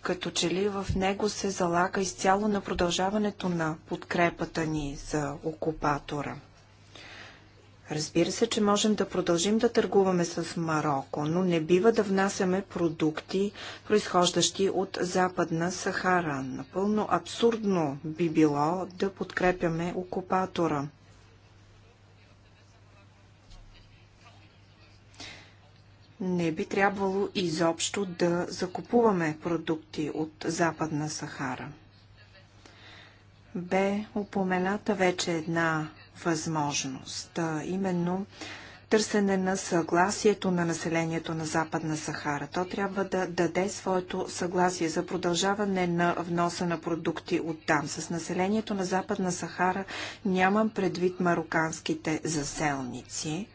Speaker 3: като че ли в него се залага изцяло на продължаването на подкрепата ни за окупатора – Разбира се, че можем да продължим да търгуваме с Марокко, но не бива да внасяме продукти, произхождащи от Западна Сахара. Напълно абсурдно би било да подкрепяме окупатора. не би трябвало изобщо да закупуваме продукти от Западна Сахара. Бе упомената вече една възможност, а именно търсене на съгласието на населението на Западна Сахара. То трябва да даде своето съгласие за продължаване на вноса на продукти от там. С населението на Западна Сахара нямам предвид мароканските заселници,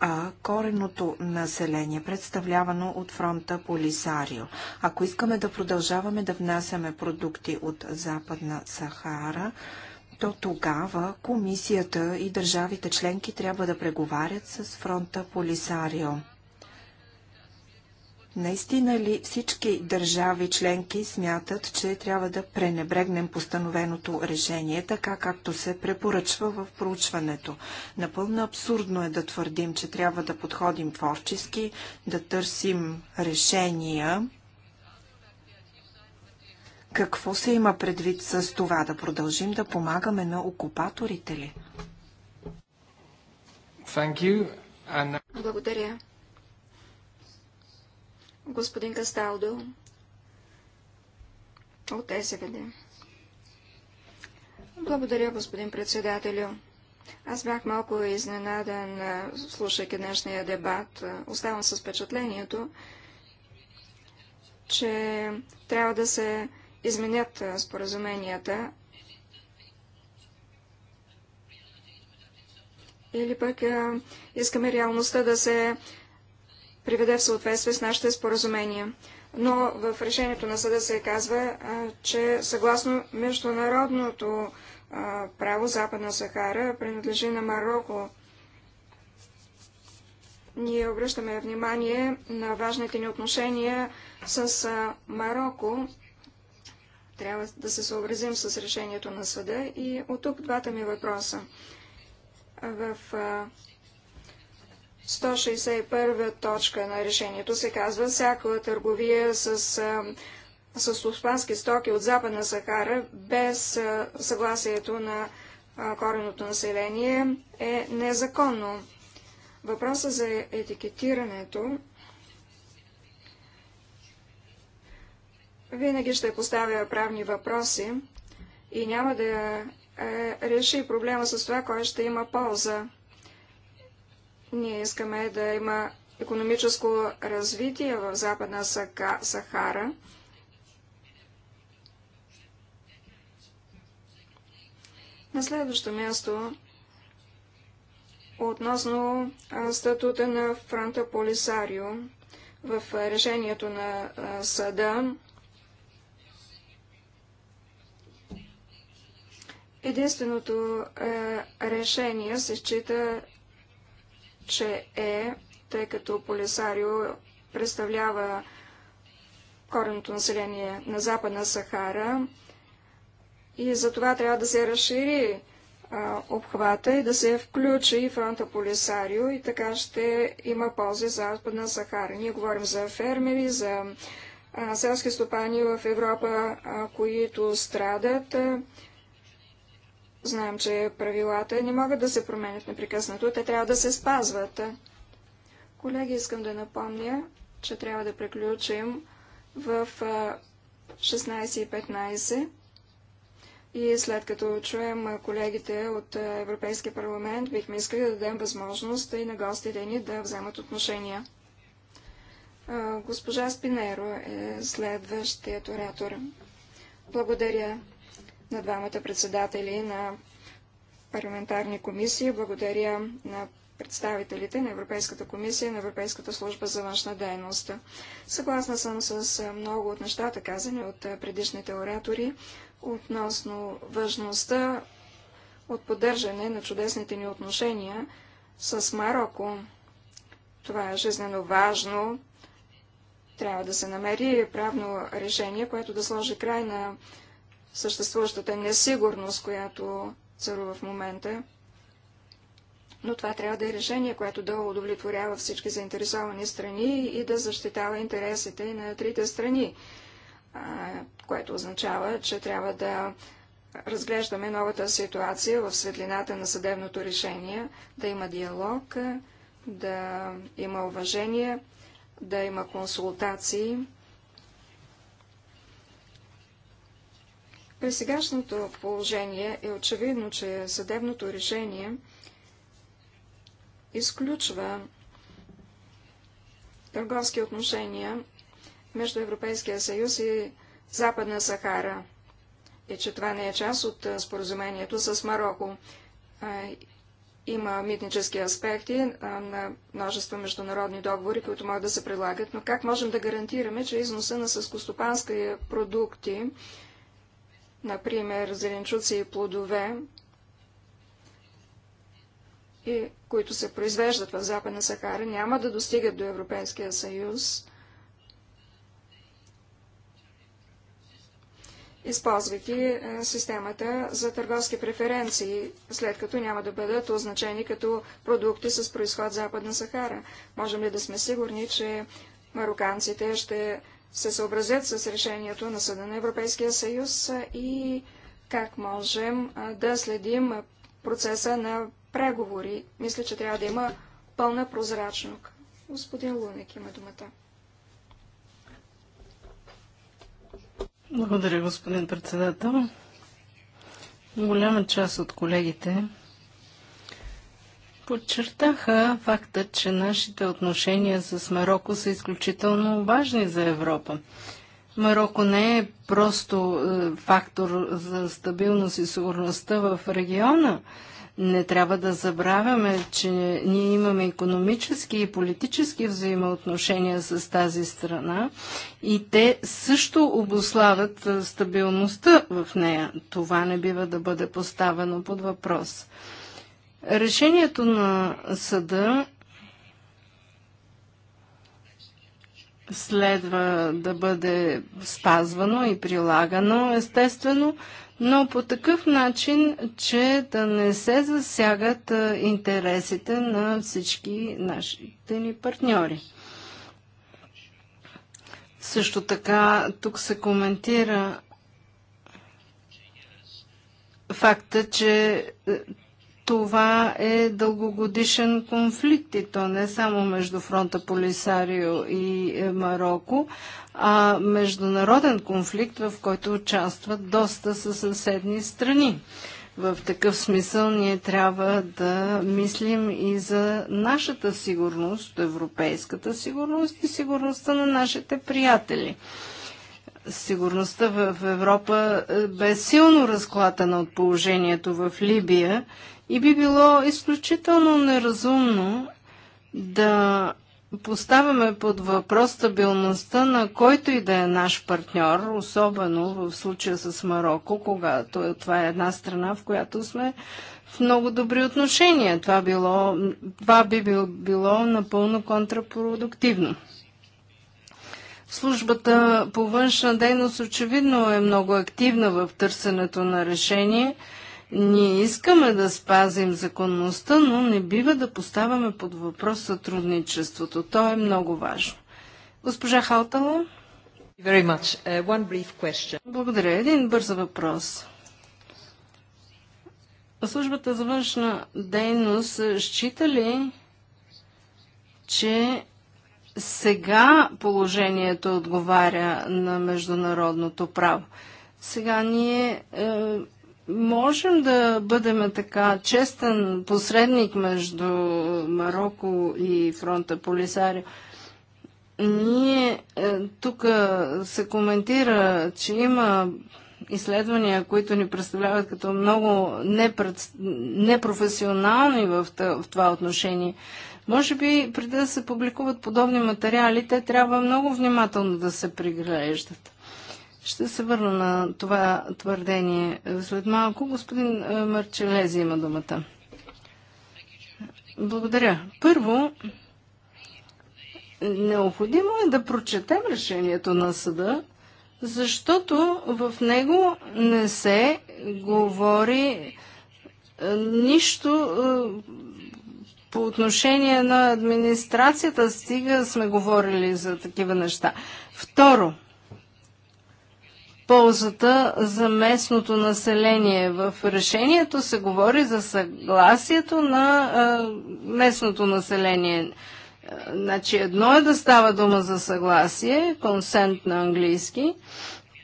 Speaker 3: а кореното население, представлявано от фронта Полисарио. Ако искаме да продължаваме да внасяме продукти от Западна Сахара, то тогава комисията и държавите членки трябва да преговарят с фронта Полисарио. Наистина ли всички държави членки смятат, че трябва да пренебрегнем постановеното решение, така както се препоръчва в проучването? Напълно абсурдно е да твърдим, че трябва да подходим творчески, да търсим решения, какво се има предвид с това? Да продължим да помагаме на окупаторите ли?
Speaker 1: And...
Speaker 2: Благодаря. Господин Касталдо от СВД. Благодаря, господин председателю. Аз бях малко изненадан, слушайки днешния дебат. Оставам с впечатлението, че трябва да се изменят споразуменията или пък искаме реалността да се приведе в съответствие с нашите споразумения. Но в решението на съда се казва, че съгласно международното право Западна Сахара принадлежи на Марокко. Ние обръщаме внимание на важните ни отношения с Марокко трябва да се съобразим с решението на съда и от тук двата ми въпроса. В 161 точка на решението се казва всяка търговия с с успански стоки от Западна Сахара без съгласието на кореното население е незаконно. Въпросът за етикетирането винаги ще поставя правни въпроси и няма да е, реши проблема с това, кой ще има полза. Ние искаме да има економическо развитие в Западна Сахара. На следващо място, относно статута на Франта Полисарио, в решението на съда Единственото е, решение се счита, че е, тъй като Полисарио представлява коренното население на Западна Сахара и за това трябва да се разшири а, е, обхвата и да се включи и фронта Полисарио и така ще има ползи за Западна Сахара. Ние говорим за фермери, за а, е, селски стопани в Европа, а, е, които страдат. А, Знаем, че правилата не могат да се променят непрекъснато, те трябва да се спазват. Колеги, искам да напомня, че трябва да приключим в 16.15 и след като чуем колегите от Европейския парламент, бихме искали да дадем възможност и на гостите ни да вземат отношения. Госпожа Спинеро е следващият оратор. Благодаря на двамата председатели на парламентарни комисии. Благодаря на представителите на Европейската комисия и на Европейската служба за външна дейност. Съгласна съм с много от нещата, казани от предишните оратори, относно важността от поддържане на чудесните ни отношения с Марокко. Това е жизнено важно. Трябва да се намери правно решение, което да сложи край на съществуващата несигурност, която царува в момента. Но това трябва да е решение, което да удовлетворява всички заинтересовани страни и да защитава интересите на трите страни, което означава, че трябва да разглеждаме новата ситуация в светлината на съдебното решение, да има диалог, да има уважение, да има консултации При сегашното положение е очевидно, че съдебното решение изключва търговски отношения между Европейския съюз и Западна Сахара и че това не е част от споразумението с Марокко. Има митнически аспекти на множество международни договори, които могат да се прилагат, но как можем да гарантираме, че износа на съскостопански продукти например, зеленчуци и плодове, и които се произвеждат в Западна Сахара, няма да достигат до Европейския съюз, използвайки е, системата за търговски преференции, след като няма да бъдат означени като продукти с происход Западна Сахара. Можем ли да сме сигурни, че мароканците ще се съобразят с решението на Съда на Европейския съюз и как можем да следим процеса на преговори. Мисля, че трябва да има пълна прозрачност. Господин Луник, има думата.
Speaker 1: Благодаря, господин председател. Голяма част от колегите подчертаха факта, че нашите отношения с Марокко са изключително важни за Европа. Марокко не е просто е, фактор за стабилност и сигурността в региона. Не трябва да забравяме, че ние имаме економически и политически взаимоотношения с тази страна и те също обославят е, стабилността в нея. Това не бива да бъде поставено под въпрос. Решението на съда следва да бъде спазвано и прилагано, естествено, но по такъв начин, че да не се засягат интересите на всички нашите ни партньори. Също така, тук се коментира факта, че е, това е дългогодишен конфликт и то не само между фронта Полисарио и е, Марокко, а международен конфликт, в който участват доста със съседни страни. В такъв смисъл ние трябва да мислим и за нашата сигурност, европейската сигурност и сигурността на нашите приятели сигурността в Европа е, бе силно разклатена от положението в Либия и би било изключително неразумно да поставяме под въпрос стабилността на който и да е наш партньор, особено в случая с Марокко, когато това е една страна, в която сме в много добри отношения. Това, било, това би било, било напълно контрапродуктивно. Службата по външна дейност очевидно е много активна в търсенето на решение – ние искаме да спазим законността, но не бива да поставяме под въпрос сътрудничеството. То е много важно. Госпожа Халтала? Uh, Благодаря. Един бърз въпрос. Службата за външна дейност счита ли, че сега положението отговаря на международното право? Сега ние е, можем да бъдем така честен посредник между Марокко и фронта Полисарио. Ние е, тук се коментира, че има изследвания, които ни представляват като много непред... непрофесионални в, в това отношение. Може би, преди да се публикуват подобни материали, те трябва много внимателно да се пригреждат. Ще се върна на това твърдение. След малко господин е, Марчелези има думата. Благодаря. Първо, необходимо е да прочетем решението на съда, защото в него не се говори е, нищо е, по отношение на администрацията, стига сме говорили за такива неща. Второ, ползата за местното население. В решението се говори за съгласието на а, местното население. Значи едно е да става дума за съгласие, консент на английски.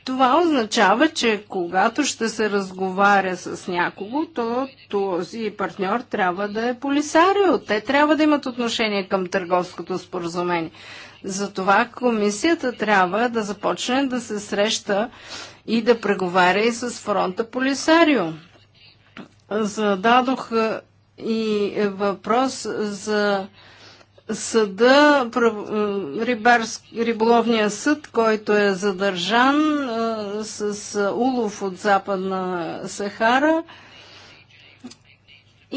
Speaker 1: Това означава, че когато ще се разговаря с някого, то този партньор трябва да е полисарио. Те трябва да имат отношение към търговското споразумение. Затова комисията трябва да започне да се среща и да преговаря и с фронта Полисарио. Зададох и въпрос за съда, риболовния съд, който е задържан с улов от Западна Сахара –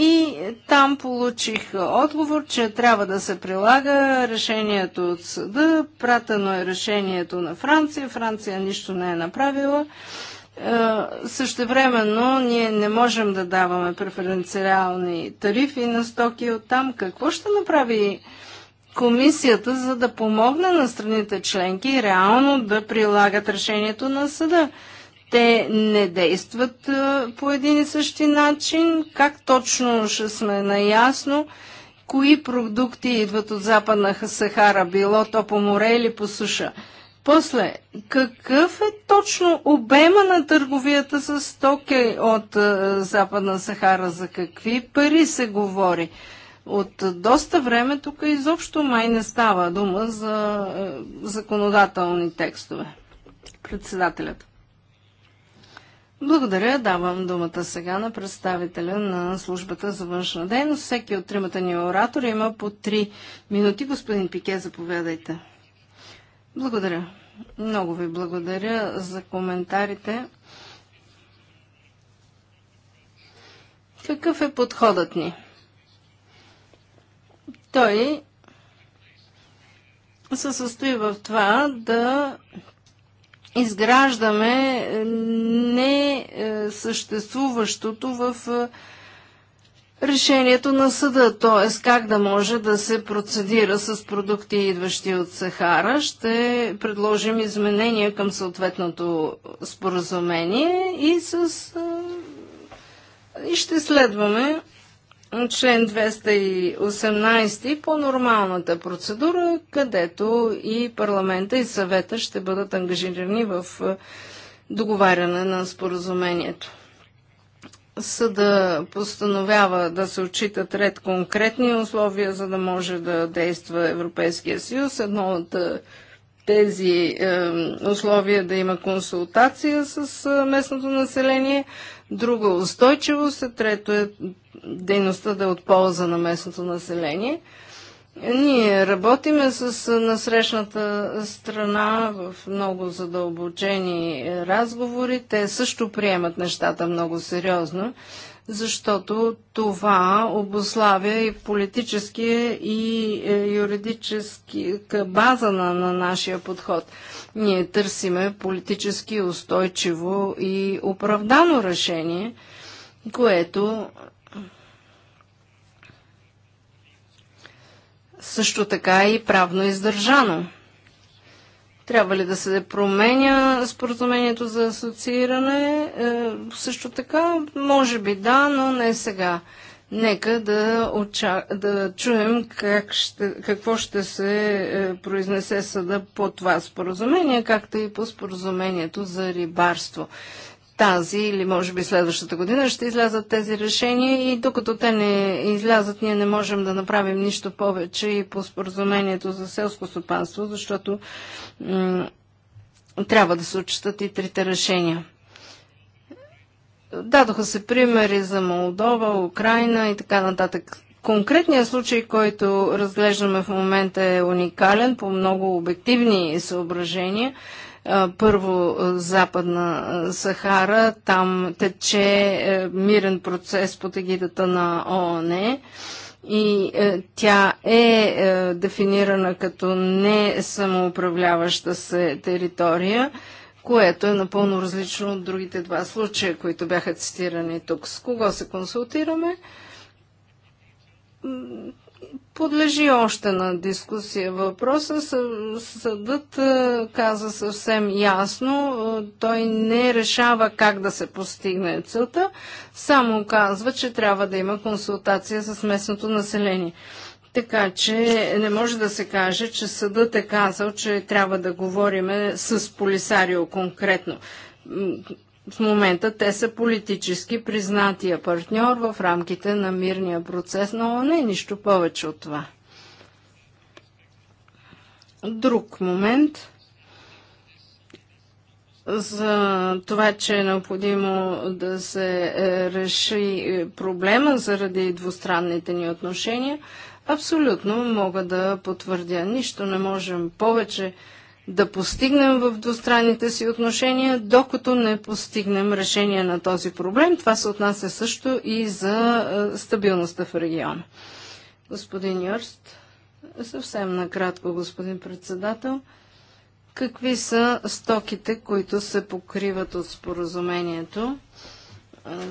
Speaker 1: и там получих отговор, че трябва да се прилага решението от съда. Пратено е решението на Франция. Франция нищо не е направила. Е, същевременно ние не можем да даваме преференциални тарифи на стоки от там. Какво ще направи комисията, за да помогне на страните членки реално да прилагат решението на съда? те не действат по един и същи начин. Как точно ще сме наясно? кои продукти идват от Западна Сахара, било то по море или по суша. После, какъв е точно обема на търговията с стоки от Западна Сахара? За какви пари се говори? От доста време тук изобщо май не става дума за законодателни текстове. Председателят. Благодаря. Давам думата сега на представителя на службата за външна дейност. Всеки от тримата ни оратори има по три минути. Господин Пике, заповядайте. Благодаря. Много ви благодаря за коментарите. Какъв е подходът ни? Той се състои в това да изграждаме е, не е, съществуващото в е, решението на съда, т.е. как да може да се процедира с продукти, идващи от Сахара. Ще предложим изменения към съответното споразумение и, с, и ще следваме член 218 по нормалната процедура, където и парламента и съвета ще бъдат ангажирани в е, договаряне на споразумението. Съда постановява да се отчитат ред конкретни условия, за да може да действа Европейския съюз. Едно от е, тези е, условия е да има консултация с местното население – друго е устойчивост, трето е дейността да е от полза на местното население – ние работиме с насрещната страна в много задълбочени разговори. Те също приемат нещата много сериозно, защото това обославя и политическия и е, юридически база на, на нашия подход. Ние търсиме политически устойчиво и оправдано решение, което също така и правно издържано. Трябва ли да се променя споразумението за асоцииране? Е, също така, може би да, но не сега. Нека да, оча... да чуем как ще... какво ще се е, произнесе съда по това споразумение, както и по споразумението за рибарство тази или може би следващата година ще излязат тези решения и докато те не излязат, ние не можем да направим нищо повече и по споразумението за селско стопанство, защото трябва да се отчитат и трите решения. Дадоха се примери за Молдова, Украина и така нататък. Конкретният случай, който разглеждаме в момента е уникален по много обективни съображения – първо Западна Сахара, там тече е, мирен процес под егидата на ООН и е, тя е, е дефинирана като не самоуправляваща се територия, което е напълно различно от другите два случая, които бяха цитирани тук. С кого се консултираме? подлежи още на дискусия въпроса. Съдът каза съвсем ясно, той не решава как да се постигне целта, само казва, че трябва да има консултация с местното население. Така че не може да се каже, че съдът е казал, че трябва да говориме с полисарио конкретно в момента те са политически признатия партньор в рамките на мирния процес, но не е нищо повече от това. Друг момент за това, че е необходимо да се е, реши проблема заради двустранните ни отношения, абсолютно мога да потвърдя. Нищо не можем повече да постигнем в двустранните си отношения, докато не постигнем решение на този проблем. Това се отнася също и за стабилността в региона. Господин Йорст, съвсем накратко, господин председател, какви са стоките, които се покриват от споразумението?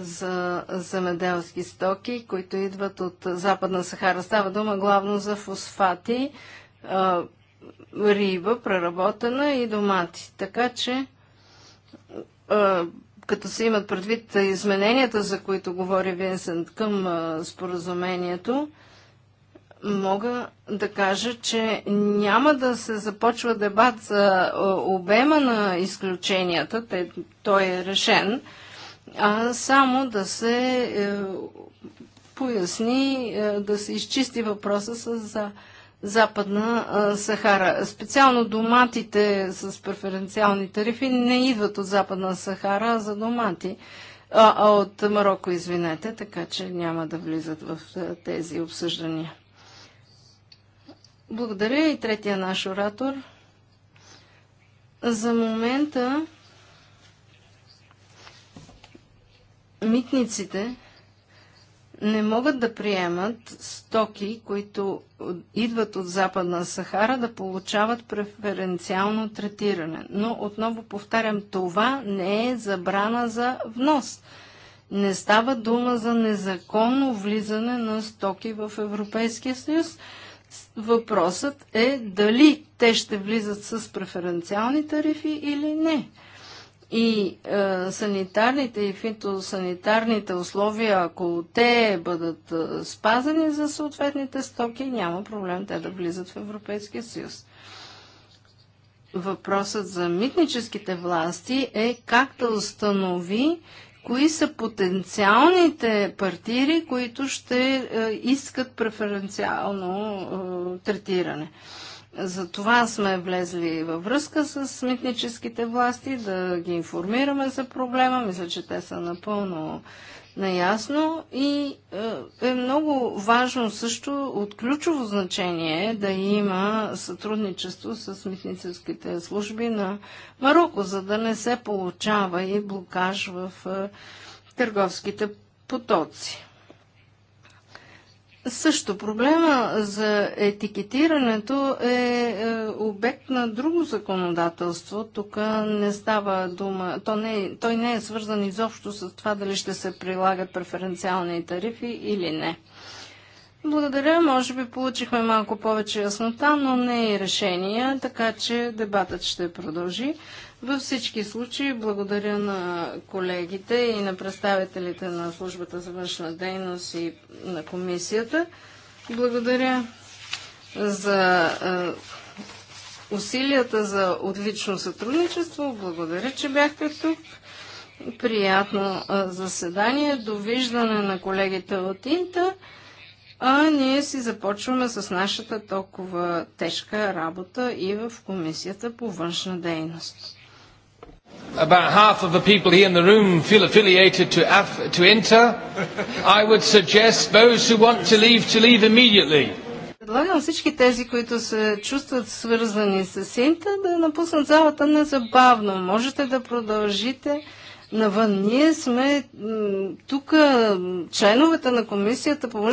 Speaker 1: за земеделски стоки, които идват от Западна Сахара. Става дума главно за фосфати, риба, преработена и домати. Така че, като се имат предвид измененията, за които говори Винсент към споразумението, мога да кажа, че няма да се започва дебат за обема на изключенията, тъй, той е решен, а само да се е, поясни, е, да се изчисти въпроса с за Западна Сахара. Специално доматите с преференциални тарифи не идват от Западна Сахара, а за домати. А, а от Марокко, извинете, така че няма да влизат в тези обсъждания. Благодаря и третия наш оратор. За момента митниците не могат да приемат стоки, които идват от Западна Сахара, да получават преференциално третиране. Но отново повтарям, това не е забрана за внос. Не става дума за незаконно влизане на стоки в Европейския съюз. Въпросът е дали те ще влизат с преференциални тарифи или не и е, санитарните и фитосанитарните условия, ако те бъдат е, спазени за съответните стоки, няма проблем те да влизат в Европейския съюз. Въпросът за митническите власти е как да установи кои са потенциалните партири, които ще е, искат преференциално е, третиране. Е, за това сме влезли във връзка с митническите власти, да ги информираме за проблема. Мисля, че те са напълно наясно и е, е много важно също от ключово значение е да има сътрудничество с митническите служби на Марокко, за да не се получава и блокаж в е, търговските потоци. Също проблема за етикетирането е, е обект на друго законодателство. Тук не става дума, то не, той не е свързан изобщо с това дали ще се прилагат преференциални тарифи или не. Благодаря, може би получихме малко повече яснота, но не и решения, така че дебатът ще продължи. Във всички случаи благодаря на колегите и на представителите на службата за външна дейност и на комисията. Благодаря за усилията за отлично сътрудничество. Благодаря, че бяхте тук. Приятно заседание. Довиждане на колегите от Инта. А ние си започваме с нашата толкова тежка работа и в Комисията по външна дейност about half of the people here in the room feel affiliated to, Af- to enter, I would suggest those who want to leave to leave immediately. Предлагам всички тези, които се чувстват свързани с Инта, да напуснат залата незабавно. Можете да продължите навън. Ние сме тук, членовете на комисията по